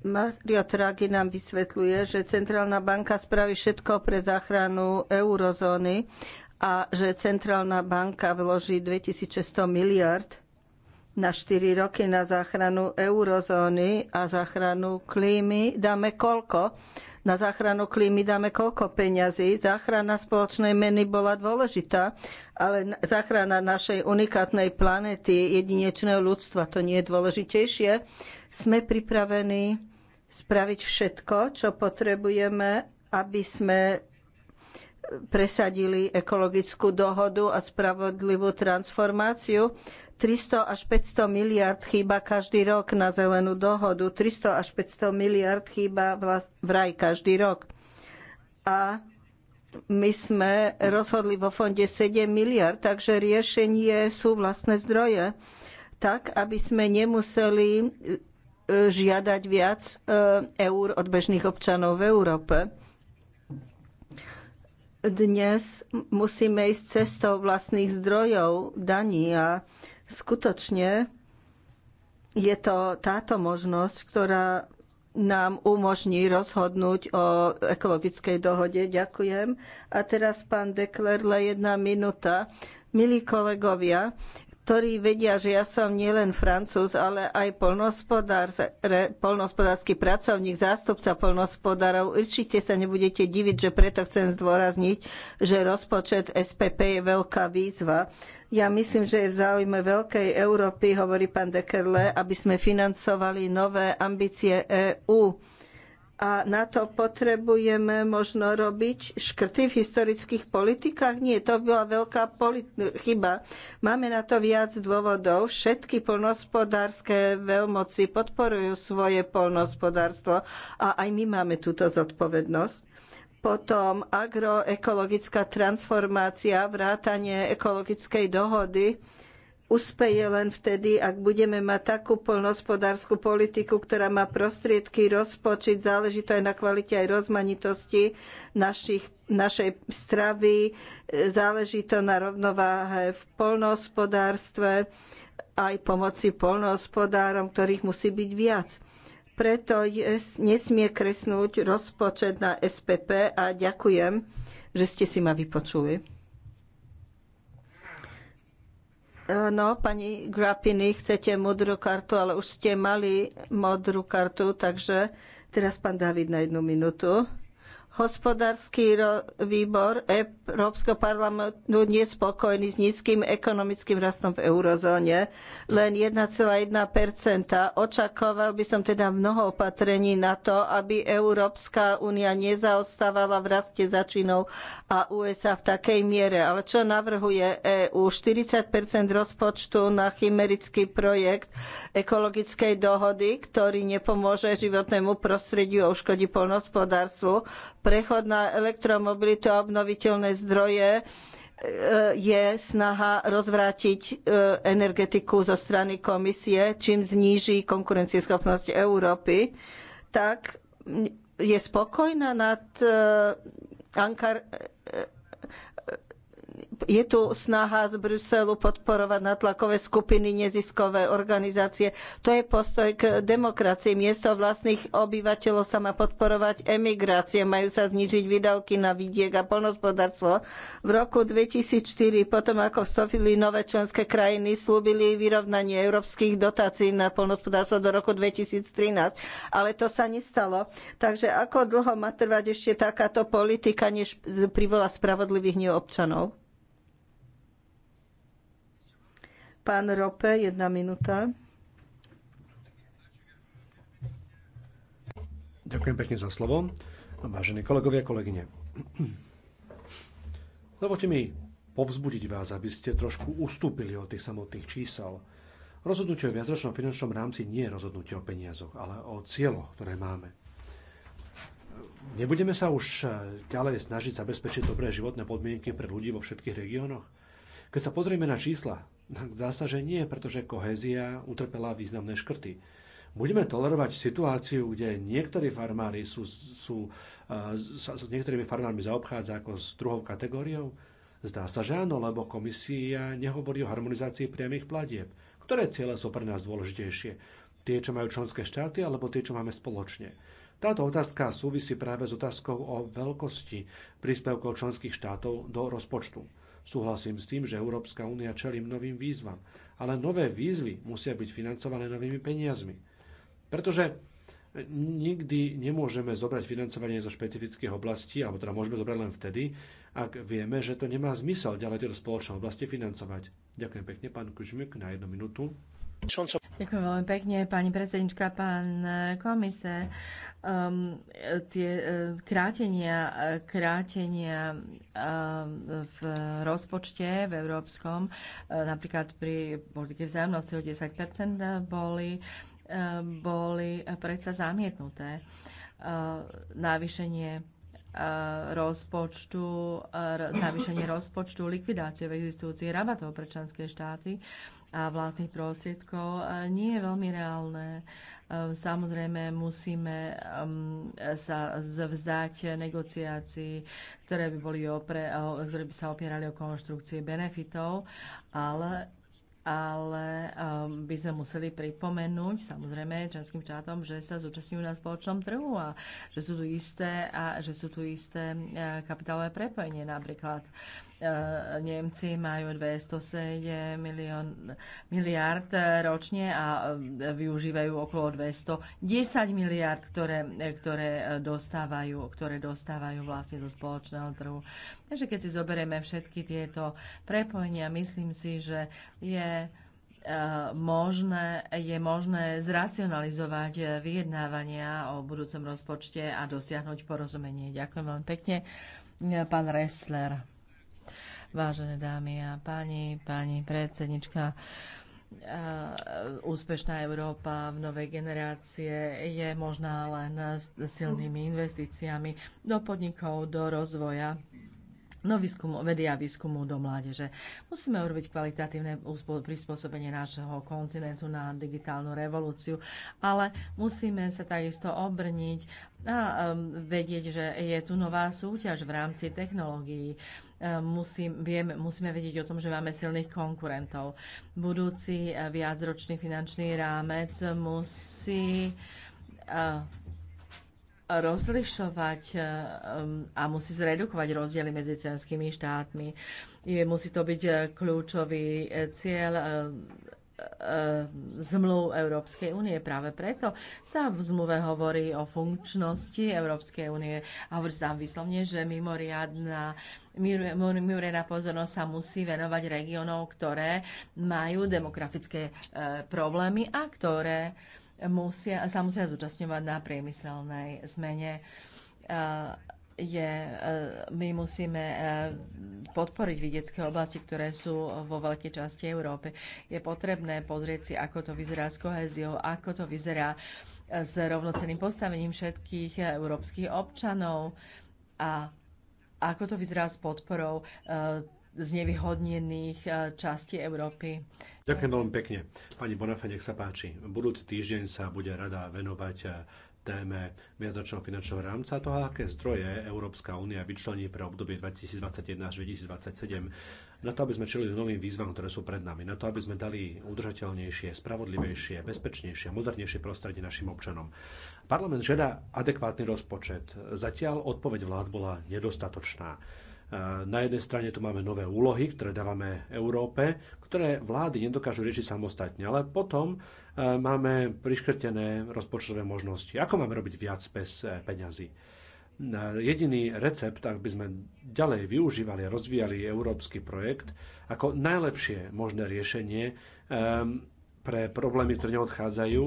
[SPEAKER 3] Mario Draghi nám vysvetľuje, že Centrálna banka spraví všetko pre záchranu eurozóny a že Centrálna banka vloží 2600 miliard na 4 roky na záchranu eurozóny a záchranu klímy dáme koľko? Na záchranu klímy dáme koľko peňazí? Záchrana spoločnej meny bola dôležitá, ale záchrana našej unikátnej planéty, jedinečného ľudstva, to nie je dôležitejšie. Sme pripravení spraviť všetko, čo potrebujeme, aby sme presadili ekologickú dohodu a spravodlivú transformáciu. 300 až 500 miliard chýba každý rok na zelenú dohodu. 300 až 500 miliard chýba vraj každý rok. A my sme rozhodli vo fonde 7 miliard, takže riešenie sú vlastné zdroje. Tak, aby sme nemuseli žiadať viac eh, eur od bežných občanov v Európe. Dnes musíme ísť cestou vlastných zdrojov daní a skutočne je to táto možnosť, ktorá nám umožní rozhodnúť o ekologickej dohode. Ďakujem. A teraz pán Deklerle, jedna minúta. Milí kolegovia, ktorí vedia, že ja som nielen francúz, ale aj polnospodársky pracovník, zástupca polnospodárov. Určite sa nebudete diviť, že preto chcem zdôrazniť, že rozpočet SPP je veľká výzva. Ja myslím, že je v záujme veľkej Európy, hovorí pán Dekerle, aby sme financovali nové ambície EÚ a na to potrebujeme možno robiť škrty v historických politikách? Nie, to bola veľká chyba. Máme na to viac dôvodov. Všetky polnospodárske veľmoci podporujú svoje polnospodárstvo a aj my máme túto zodpovednosť. Potom agroekologická transformácia, vrátanie ekologickej dohody uspeje len vtedy, ak budeme mať takú poľnohospodársku politiku, ktorá má prostriedky, rozpočet, záleží to aj na kvalite aj rozmanitosti našich, našej stravy, záleží to na rovnováhe v poľnohospodárstve, aj pomoci poľnohospodárom, ktorých musí byť viac. Preto nesmie kresnúť rozpočet na SPP a ďakujem, že ste si ma vypočuli. No, pani Grappini, chcete modrú kartu, ale už ste mali modrú kartu, takže teraz pán David na jednu minútu. Hospodársky výbor Európskeho parlamentu nie je spokojný s nízkym ekonomickým rastom v eurozóne, len 1,1 Očakával by som teda mnoho opatrení na to, aby Európska únia nezaostávala v raste za Čínou a USA v takej miere. Ale čo navrhuje EÚ? 40 rozpočtu na chimerický projekt ekologickej dohody, ktorý nepomôže životnému prostrediu a uškodí polnospodárstvu prechod na elektromobilitu a obnoviteľné zdroje e, je snaha rozvrátiť e, energetiku zo strany komisie, čím zníži konkurencieschopnosť Európy, tak je spokojná nad e, Ankar, je tu snaha z Bruselu podporovať natlakové skupiny, neziskové organizácie. To je postoj k demokracii. Miesto vlastných obyvateľov sa má podporovať emigrácie, majú sa znižiť výdavky na vidiek a poľnohospodárstvo. V roku 2004, potom ako vstúpili nové členské krajiny, slúbili vyrovnanie európskych dotácií na poľnohospodárstvo do roku 2013, ale to sa nestalo. Takže ako dlho má trvať ešte takáto politika, než privolá spravodlivých neobčanov? Pán Rope, jedna minúta.
[SPEAKER 1] Ďakujem pekne za slovo. Vážení kolegovia, kolegyne. Dovolte mi povzbudiť vás, aby ste trošku ustúpili od tých samotných čísel. Rozhodnutie o viacročnom finančnom rámci nie je rozhodnutie o peniazoch, ale o cieľoch, ktoré máme. Nebudeme sa už ďalej snažiť zabezpečiť dobré životné podmienky pre ľudí vo všetkých regiónoch? Keď sa pozrieme na čísla, Zdá sa, že nie, pretože kohézia utrpela významné škrty. Budeme tolerovať situáciu, kde niektorí farmári sú, sú, sa s niektorými farmármi zaobchádza ako s druhou kategóriou? Zdá sa, že áno, lebo komisia nehovorí o harmonizácii priamých platieb. Ktoré ciele sú pre nás dôležitejšie? Tie, čo majú členské štáty, alebo tie, čo máme spoločne? Táto otázka súvisí práve s otázkou o veľkosti príspevkov členských štátov do rozpočtu. Súhlasím s tým, že Európska únia čelí novým výzvam, ale nové výzvy musia byť financované novými peniazmi. Pretože nikdy nemôžeme zobrať financovanie zo špecifických oblastí, alebo teda môžeme zobrať len vtedy, ak vieme, že to nemá zmysel ďalej tieto spoločné oblasti financovať. Ďakujem pekne, pán Kužmik, na jednu minútu. Ďakujem
[SPEAKER 2] veľmi pekne, pani predsednička, pán komise. Um, tie eh, krátenia, krátenia um, v rozpočte v európskom, eh, napríklad pri politike vzájomnosti o 10 boli, boli predsa zamietnuté. Uh, navýšenie rozpočtu, navýšenie rozpočtu, likvidácie existujúcich rabatov pre členské štáty a vlastných prostriedkov nie je veľmi reálne. Ehm, samozrejme, musíme ehm, sa vzdať negociácií, ktoré by, boli opre, ktoré by sa opierali o konštrukcie benefitov, ale ale um, by sme museli pripomenúť samozrejme členským štátom, že sa zúčastňujú na spoločnom trhu a že sú tu isté, a, že sú tu isté uh, kapitálové prepojenie napríklad. Uh, Eh, Nemci majú 207 milión, miliard ročne a eh, využívajú okolo 210 miliard, ktoré, ktoré, eh, dostávajú, ktoré dostávajú vlastne zo spoločného trhu. Takže keď si zoberieme všetky tieto prepojenia, myslím si, že je možné, je možné zracionalizovať vyjednávania o budúcom rozpočte a dosiahnuť porozumenie. Ďakujem veľmi pekne, pán Ressler. Vážené dámy a páni, pani predsednička, úspešná Európa v novej generácie je možná len s silnými investíciami do podnikov, do rozvoja No výskumu, vedy a výskumu do mládeže. Musíme urobiť kvalitatívne prispôsobenie nášho kontinentu na digitálnu revolúciu, ale musíme sa takisto obrniť a um, vedieť, že je tu nová súťaž v rámci technológií. Um, musím, viem, musíme vedieť o tom, že máme silných konkurentov. Budúci uh, viacročný finančný rámec musí uh, rozlišovať eh, eh, a musí zredukovať rozdiely medzi členskými štátmi. musí to byť eh, kľúčový cieľ zmluv Európskej únie. Práve preto sa v zmluve hovorí o funkčnosti Európskej únie a hovorí sa výslovne, že mimoriadná mimoriadná pozornosť sa musí venovať regiónov, ktoré majú demografické problémy a ktoré musia, sa musia zúčastňovať na priemyselnej zmene e, je, e, my musíme e, podporiť vidiecké oblasti, ktoré sú vo veľkej časti Európy. Je potrebné pozrieť si, ako to vyzerá s koheziou, ako to vyzerá s rovnocenným postavením všetkých európskych občanov a ako to vyzerá s podporou znevýhodnených e, častí Európy.
[SPEAKER 1] Ďakujem veľmi pekne. Pani Bonafa, nech sa páči. Budúci týždeň sa bude rada venovať e, téme viacročného finančného rámca a toho, aké zdroje Európska únia vyčlení pre obdobie 2021 až 2027 na to, aby sme čelili novým výzvam, ktoré sú pred nami, na to, aby sme dali udržateľnejšie, spravodlivejšie, bezpečnejšie modernejšie prostredie našim občanom. Parlament žiada adekvátny rozpočet. Zatiaľ odpoveď vlád bola nedostatočná. Na jednej strane tu máme nové úlohy, ktoré dávame Európe, ktoré vlády nedokážu riešiť samostatne, ale potom e, máme priškrtené rozpočtové možnosti. Ako máme robiť viac bez e, peňazí? E, jediný recept, ak by sme ďalej využívali a rozvíjali európsky projekt ako najlepšie možné riešenie pre problémy, ktoré neodchádzajú,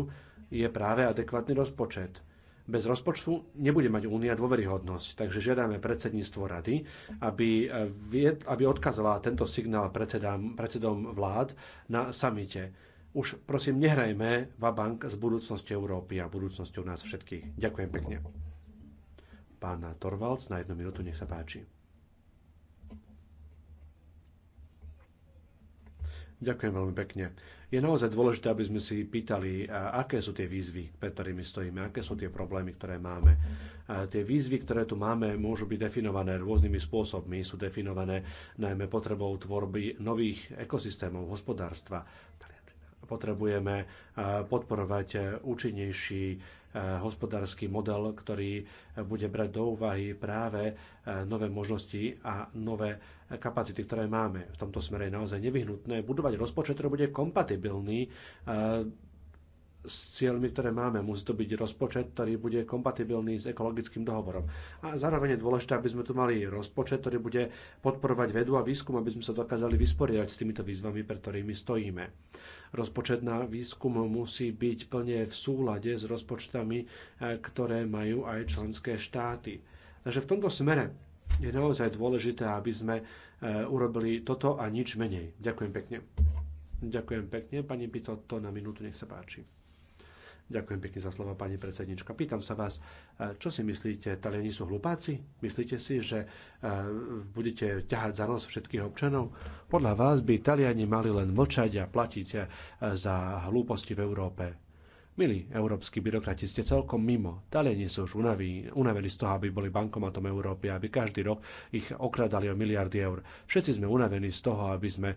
[SPEAKER 1] je práve adekvátny rozpočet bez rozpočtu nebude mať Únia dôveryhodnosť, takže žiadame predsedníctvo rady, aby, eh, aby odkazala tento signál predsedám, predsedom vlád na samite. Už prosím, nehrajme vabank s budúcnosťou Európy a budúcnosťou nás všetkých. Ďakujem pekne. Pán Torvalds, na jednu minútu, nech sa páči. Ďakujem veľmi pekne je naozaj dôležité, aby sme si pýtali, aké sú tie výzvy, pred ktorými stojíme, aké sú tie problémy, ktoré máme. A tie výzvy, ktoré tu máme, môžu byť definované rôznymi spôsobmi. Sú definované najmä potrebou tvorby nových ekosystémov hospodárstva. Potrebujeme podporovať účinnejší Eh, hospodársky model, ktorý eh, bude brať do úvahy práve eh, nové možnosti a nové kapacity, ktoré máme. V tomto smere je naozaj nevyhnutné budovať rozpočet, ktorý bude kompatibilný s cieľmi, ktoré máme. Musí to byť rozpočet, ktorý bude kompatibilný s ekologickým dohovorom. A zároveň je dôležité, aby sme tu mali rozpočet, ktorý bude podporovať vedu a výskum, aby sme sa dokázali vysporiadať s týmito výzvami, pre ktorými stojíme. Rozpočet na výskum musí byť plne v súlade s rozpočtami, eh, ktoré majú aj členské štáty. Takže v tomto smere je naozaj dôležité, aby sme eh, urobili toto a nič menej. Ďakujem pekne. Ďakujem pekne. Pani Pico to na minútu, nech sa páči. Ďakujem pekne za slova, pani predsednička. Pýtam sa vás, e, čo si myslíte, Taliani sú hlupáci? Myslíte si, že e, budete ťahať za nos všetkých občanov? Podľa vás by Taliani mali len mlčať a platiť e, za hlúposti v Európe. Milí európsky byrokrati, ste celkom mimo. Taliani sú už unaví, unavení z toho, aby boli bankomatom Európy, aby každý rok ich okradali o miliardy eur. Všetci sme unavení z toho, aby sme uh,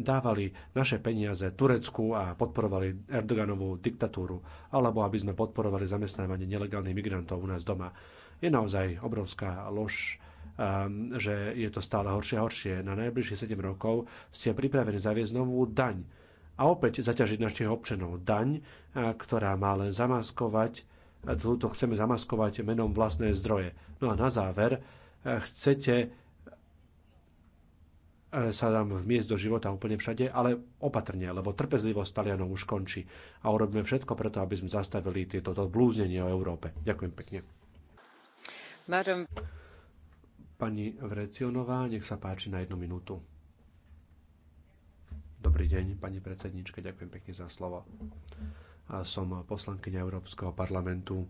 [SPEAKER 1] dávali naše peniaze Turecku a podporovali Erdoganovú diktatúru, alebo aby sme podporovali zamestnávanie nelegálnych migrantov u nás doma. Je naozaj obrovská lož, um, že je to stále horšie a horšie. Na najbližšie 7 rokov ste pripravení zaviesť novú daň, a opäť zaťažiť našich občanov. Daň, ktorá má len zamaskovať, túto chceme zamaskovať menom vlastné zdroje. No a na záver, chcete sa nám vmiesť do života úplne všade, ale opatrne, lebo trpezlivosť Talianov už končí a urobíme všetko preto, aby sme zastavili tieto blúznenie o Európe. Ďakujem pekne. Madam. Pani Vrecionová, nech sa páči na jednu minútu. Dobrý deň, pani predsedníčka, ďakujem pekne za slovo. A som poslankyňa Európskeho parlamentu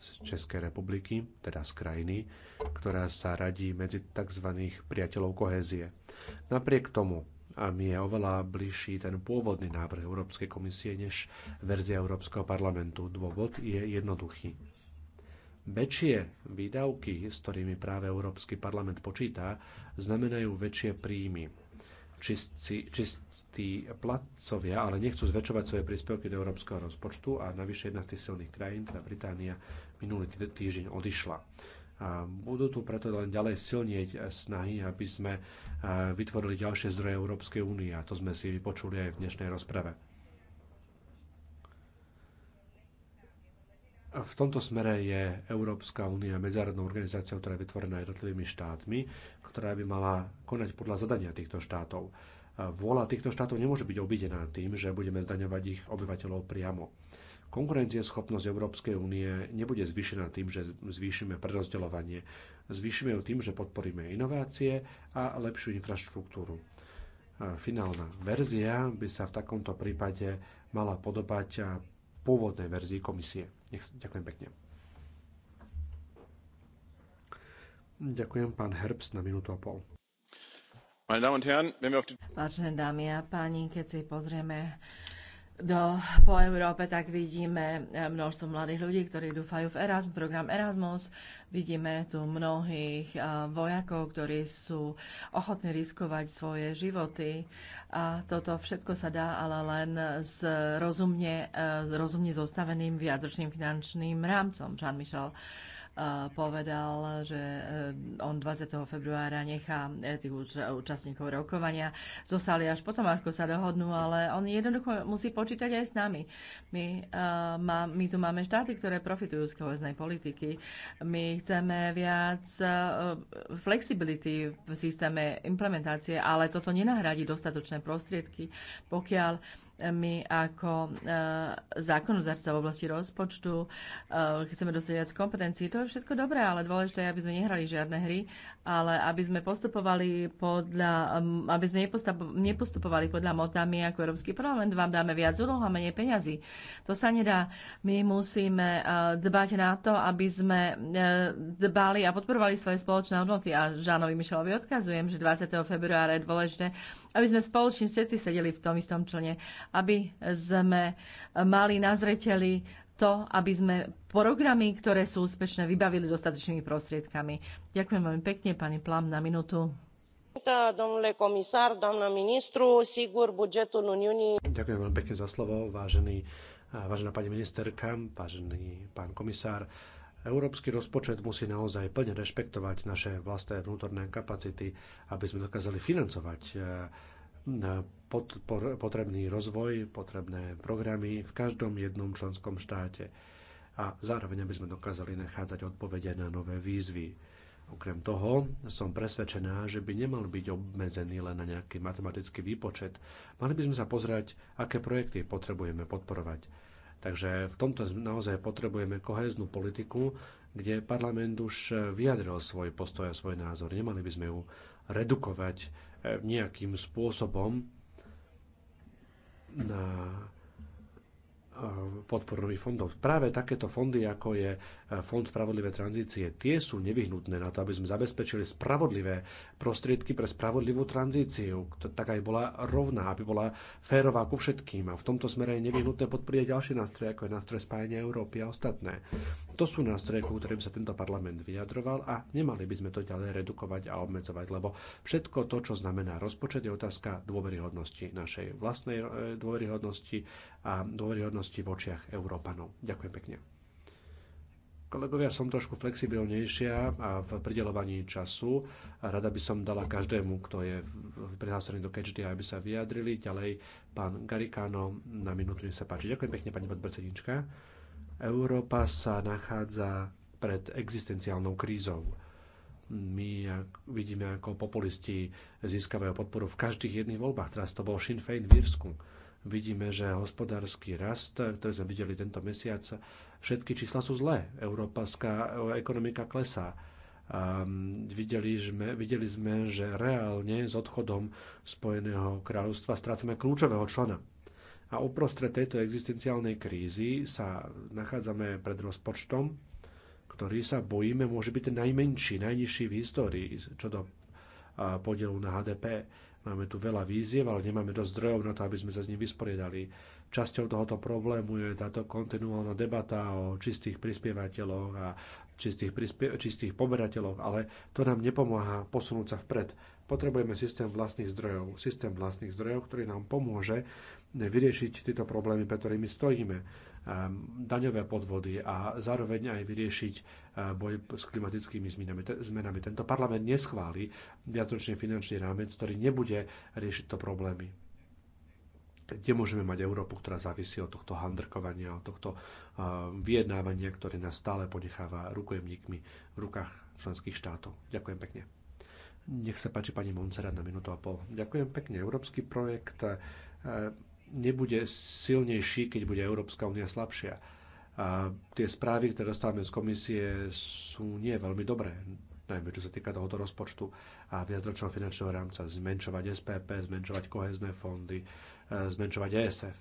[SPEAKER 1] z Českej republiky, teda z krajiny, ktorá sa radí medzi tzv. priateľov kohézie. Napriek tomu a mi je oveľa bližší ten pôvodný návrh Európskej komisie než verzia Európskeho parlamentu. Dôvod je jednoduchý. Väčšie výdavky, s ktorými práve Európsky parlament počíta, znamenajú väčšie príjmy čistí, čistí platcovia, ale nechcú zväčšovať svoje príspevky do európskeho rozpočtu a navyše jedna z tých silných krajín, teda Británia, minulý týždeň odišla. A budú tu preto len ďalej silnieť snahy, aby sme vytvorili ďalšie zdroje Európskej únie a to sme si vypočuli aj v dnešnej rozprave. V tomto smere je Európska únia medzárodnou organizáciou, ktorá je vytvorená jednotlivými štátmi, ktorá by mala konať podľa zadania týchto štátov. Vôľa týchto štátov nemôže byť obidená tým, že budeme zdaňovať ich obyvateľov priamo. Konkurencieschopnosť Európskej únie nebude zvýšená tým, že zvýšime prerozdeľovanie. Zvýšime ju tým, že podporíme inovácie a lepšiu infraštruktúru. Finálna verzia by sa v takomto prípade mala podobať pôvodnej verzii komisie. Nech, ďakujem pekne. Ďakujem pán Herbst na minútu a pol.
[SPEAKER 2] Vážené dámy a páni, keď si pozrieme do, po Európe, tak vidíme eh, množstvo mladých ľudí, ktorí dúfajú v Erasmus, program Erasmus. Vidíme tu mnohých eh, vojakov, ktorí sú ochotní riskovať svoje životy. A toto všetko sa dá ale len s rozumne, a, eh, rozumne zostaveným viacročným finančným rámcom. Jean-Michel povedal, že e, on 20. februára nechá e, tých účastníkov rokovania zo sály až potom, ako sa dohodnú, ale on jednoducho musí počítať aj s nami. My, e, my tu máme štáty, ktoré profitujú z koheznej politiky. My chceme viac flexibility v systéme implementácie, ale toto nenahradí dostatočné prostriedky, pokiaľ my ako eh, zákonodarca v oblasti rozpočtu eh, chceme dosť viac kompetencií. To je všetko dobré, ale dôležité je, aby sme nehrali žiadne hry, ale aby sme postupovali podľa, mm, aby sme nepostupovali podľa motami ako Európsky parlament, vám dáme viac úloh a menej peňazí. To sa nedá. My musíme eh, dbať na to, aby sme dbali a podporovali svoje spoločné hodnoty. A Žánovi Mišelovi odkazujem, že 20. februára je dôležité, aby sme spoločne všetci sedeli v tom istom člne, aby sme mali na zreteli to, aby sme programy, ktoré sú úspešné, vybavili dostatočnými prostriedkami. Ďakujem veľmi pekne, pani Plam, na minútu. Domnule komisár, ministru, sigur Ďakujem
[SPEAKER 1] veľmi pekne za slovo, vážený, vážená pani ministerka, vážený pán komisár. Európsky rozpočet musí naozaj plne rešpektovať naše vlastné vnútorné kapacity, aby sme dokázali financovať eh, potrebný rozvoj, potrebné programy v každom jednom členskom štáte a zároveň aby sme dokázali nachádzať odpovede na nové výzvy. Okrem toho som presvedčená, že by nemal byť obmedzený len na nejaký matematický výpočet. Mali by sme sa pozrieť, aké projekty potrebujeme podporovať Takže v tomto naozaj potrebujeme koheznú politiku, kde parlament už vyjadril svoj postoj a svoj názor. Nemali by sme ju redukovať eh, nejakým spôsobom na Eh, podporných fondov. Práve takéto fondy, ako je eh, Fond spravodlivé tranzície, tie sú nevyhnutné na to, aby sme zabezpečili spravodlivé prostriedky pre spravodlivú tranzíciu, tak aj bola rovná, aby bola férová ku všetkým. A v tomto smere je nevyhnutné podporiť ďalšie nástroje, ako je nástroj spájania Európy a ostatné. To sú nástroje, ku ktorým sa tento parlament vyjadroval a nemali by sme to ďalej redukovať a obmedzovať, lebo všetko to, čo znamená rozpočet, je otázka dôveryhodnosti našej vlastnej eh, dôveryhodnosti a dôveryhodnosti v očiach Európanov. Ďakujem pekne. Kolegovia, som trošku flexibilnejšia a v pridelovaní času. Rada by som dala každému, kto je prihlásený do KHD, aby sa vyjadrili. Ďalej pán Garikano na minútu, nech sa páči. Ďakujem pekne, pani podpredsednička. Európa sa nachádza pred existenciálnou krízou my vidíme, ako populisti získavajú podporu v každých jedných voľbách. Teraz to bol Sinn Féin v Írsku vidíme, že hospodársky rast, ktorý sme videli tento mesiac, všetky čísla sú zlé. Európska ekonomika klesá. Um, videli, sme, videli sme, že reálne s odchodom Spojeného kráľovstva strácame kľúčového člena. A uprostred tejto existenciálnej krízy sa nachádzame pred rozpočtom, ktorý sa bojíme môže byť najmenší, najnižší v histórii, čo do podielu na HDP. Máme tu veľa víziev, ale nemáme dosť zdrojov na to, aby sme sa s ním vysporiadali. Časťou tohoto problému je táto kontinuálna debata o čistých prispievateľoch a čistých, prispie- čistých poberateľoch, ale to nám nepomáha posunúť sa vpred. Potrebujeme systém vlastných zdrojov. Systém vlastných zdrojov, ktorý nám pomôže vyriešiť tieto problémy, pre ktorými stojíme Ehm, daňové podvody a zároveň aj vyriešiť ehm, boj s klimatickými zmenami. Tento parlament neschváli viacročný finančný rámec, ktorý nebude riešiť to problémy kde môžeme mať Európu, ktorá závisí od tohto handrkovania, od tohto ehm, vyjednávania, ktoré nás stále ponecháva rukojemníkmi v rukách členských štátov. Ďakujem pekne. Nech sa páči pani Monserrat na minútu a pol. Ďakujem pekne. Európsky projekt nebude silnejší, keď bude Európska únia slabšia. A tie správy, ktoré dostávame z komisie, sú nie veľmi dobré, najmä čo sa týka tohoto rozpočtu a viacročného finančného rámca, zmenšovať SPP, zmenšovať kohezné fondy, e, zmenšovať ESF.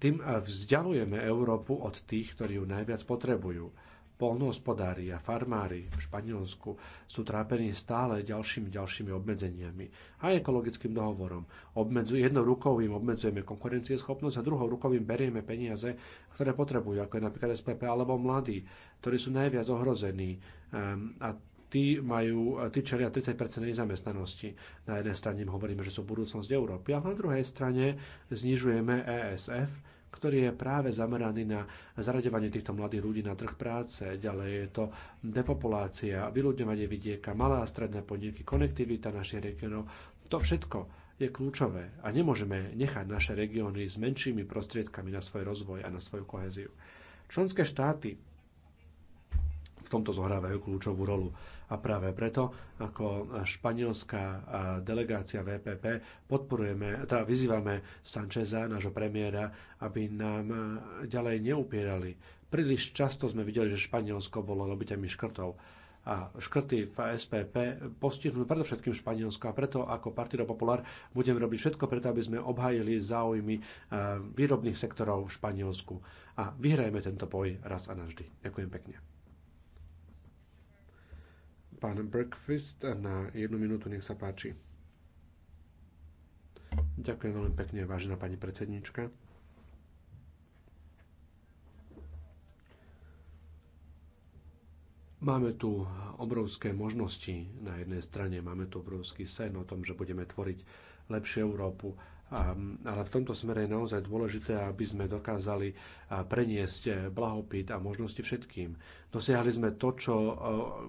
[SPEAKER 1] Tým e, vzdialujeme Európu od tých, ktorí ju najviac potrebujú polnohospodári a farmári v Španielsku sú trápení stále ďalšími ďalšími obmedzeniami a ekologickým dohovorom. Obmedzu, jednou rukou im obmedzujeme konkurencieschopnosť a druhou rukou im berieme peniaze, ktoré potrebujú, ako je napríklad SPP alebo mladí, ktorí sú najviac ohrození. Um, a tí, majú, tí čelia 30% nezamestnanosti. Na jednej strane im hovoríme, že sú budúcnosť Európy, a na druhej strane znižujeme ESF, ktorý je práve zameraný na zaraďovanie týchto mladých ľudí na trh práce. Ďalej je to depopulácia, vyľudňovanie vidieka, malé a stredné podniky, konektivita našich regionov. To všetko je kľúčové a nemôžeme nechať naše regióny s menšími prostriedkami na svoj rozvoj a na svoju koheziu. Členské štáty tomto zohrávajú kľúčovú rolu. A práve preto, ako španielská delegácia VPP, podporujeme, teda vyzývame Sancheza, nášho premiéra, aby nám ďalej neupierali. Príliš často sme videli, že Španielsko bolo robiteľmi škrtov a škrty v SPP postihnú predovšetkým Španielsko a preto ako Partido Popular budem robiť všetko preto, aby sme obhajili záujmy výrobných sektorov v Španielsku a vyhrajeme tento boj raz a navždy. Ďakujem pekne. Pán Breakfast na jednu minútu, nech sa páči. Ďakujem veľmi pekne, vážená pani predsednička. Máme tu obrovské možnosti. Na jednej strane máme tu obrovský sen o tom, že budeme tvoriť lepšiu Európu, ale v tomto smere je naozaj dôležité, aby sme dokázali preniesť e, blahopyt a možnosti všetkým. Dosiahli sme to, čo e,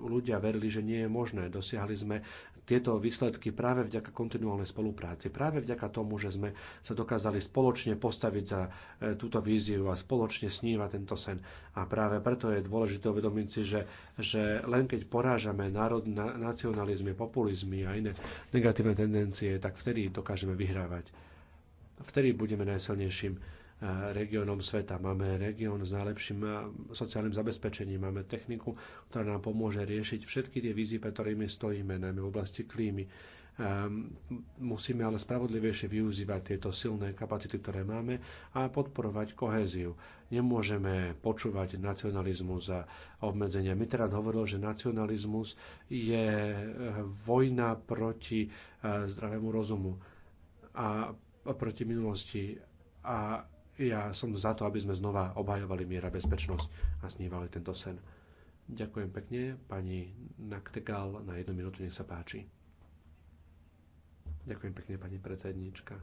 [SPEAKER 1] ľudia verili, že nie je možné. Dosiahli sme tieto výsledky práve vďaka kontinuálnej spolupráci, práve vďaka tomu, že sme sa dokázali spoločne postaviť za e, túto víziu a spoločne snívať tento sen. A práve preto je dôležité uvedomiť si, že, že len keď porážame národ, nacionalizmy, populizmy a iné negatívne tendencie, tak vtedy dokážeme vyhrávať. Vtedy budeme najsilnejším eh, regiónom sveta. Máme región s najlepším eh, sociálnym zabezpečením, máme techniku, ktorá nám pomôže riešiť všetky tie vízie, pre ktorými stojíme, najmä v oblasti klímy. Ehm, musíme ale spravodlivejšie využívať tieto silné kapacity, ktoré máme a podporovať kohéziu. Nemôžeme počúvať nacionalizmus a obmedzenia. teraz hovoril, že nacionalizmus je eh, vojna proti zdravému rozumu. A oproti minulosti a ja som za to, aby sme znova obhajovali miera bezpečnosť a snívali tento sen. Ďakujem pekne. Pani Naktegal na jednu minútu, nech sa páči. Ďakujem pekne, pani predsednička.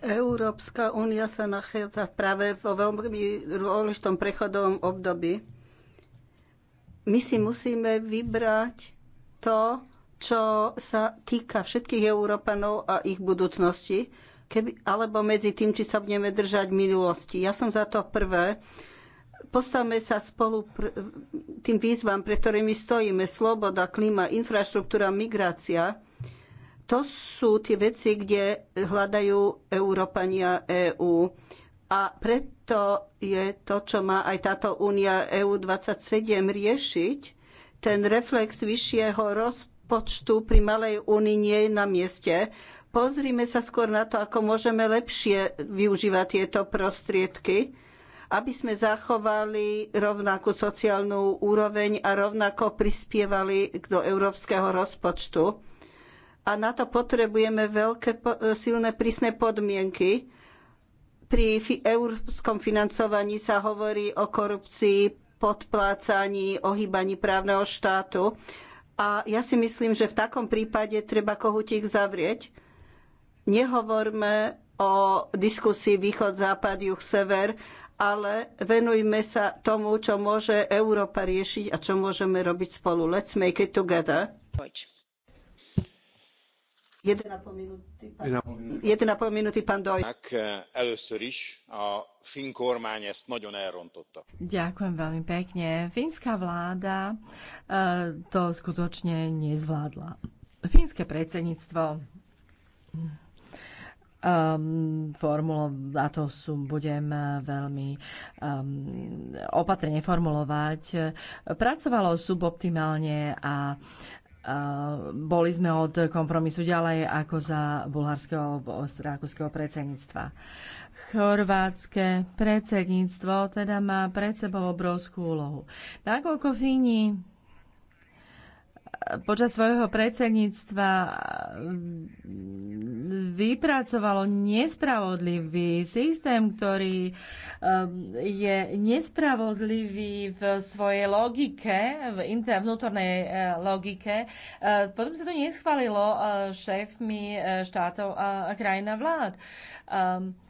[SPEAKER 3] Európska únia sa nachádza práve vo veľmi dôležitom prechodovom období. My si musíme vybrať to, čo sa týka všetkých Európanov a ich budúcnosti, keby, alebo medzi tým, či sa budeme držať minulosti. Ja som za to prvé. Postavme sa spolu pr- tým výzvam, pre ktorými stojíme. Sloboda, klíma, infraštruktúra, migrácia. To sú tie veci, kde hľadajú Európania EÚ. EU. A preto je to, čo má aj táto únia EU 27 riešiť, ten reflex vyššieho rozpočtu počtu pri Malej únii nie je na mieste. Pozrime sa skôr na to, ako môžeme lepšie využívať tieto prostriedky, aby sme zachovali rovnakú sociálnu úroveň a rovnako prispievali do európskeho rozpočtu. A na to potrebujeme veľké, silné, prísne podmienky. Pri európskom financovaní sa hovorí o korupcii, podplácaní, ohýbaní právneho štátu. A ja si myslím, že v takom prípade treba kohutík zavrieť. Nehovorme o diskusii východ-západ, juh-sever, ale venujme sa tomu, čo môže Európa riešiť a čo môžeme robiť spolu. Let's make it together. Eh, Ďakujem veľmi pekne. Fínska
[SPEAKER 2] vláda eh, to skutočne nezvládla. Fínske predsedníctvo um, formulo, a to sú, budem eh, veľmi um, opatrne formulovať, pracovalo suboptimálne a Eh, boli sme od kompromisu ďalej ako za bulharského rakúskeho predsedníctva. Chorvátske predsedníctvo teda má pred sebou obrovskú úlohu. Nakoľko Fíni počas svojho predsedníctva mm, vypracovalo nespravodlivý systém, ktorý mm, je nespravodlivý v svojej logike, v vnútornej e, logike. E, potom sa to neschválilo e, šéfmi štátov a krajina vlád. Ehm,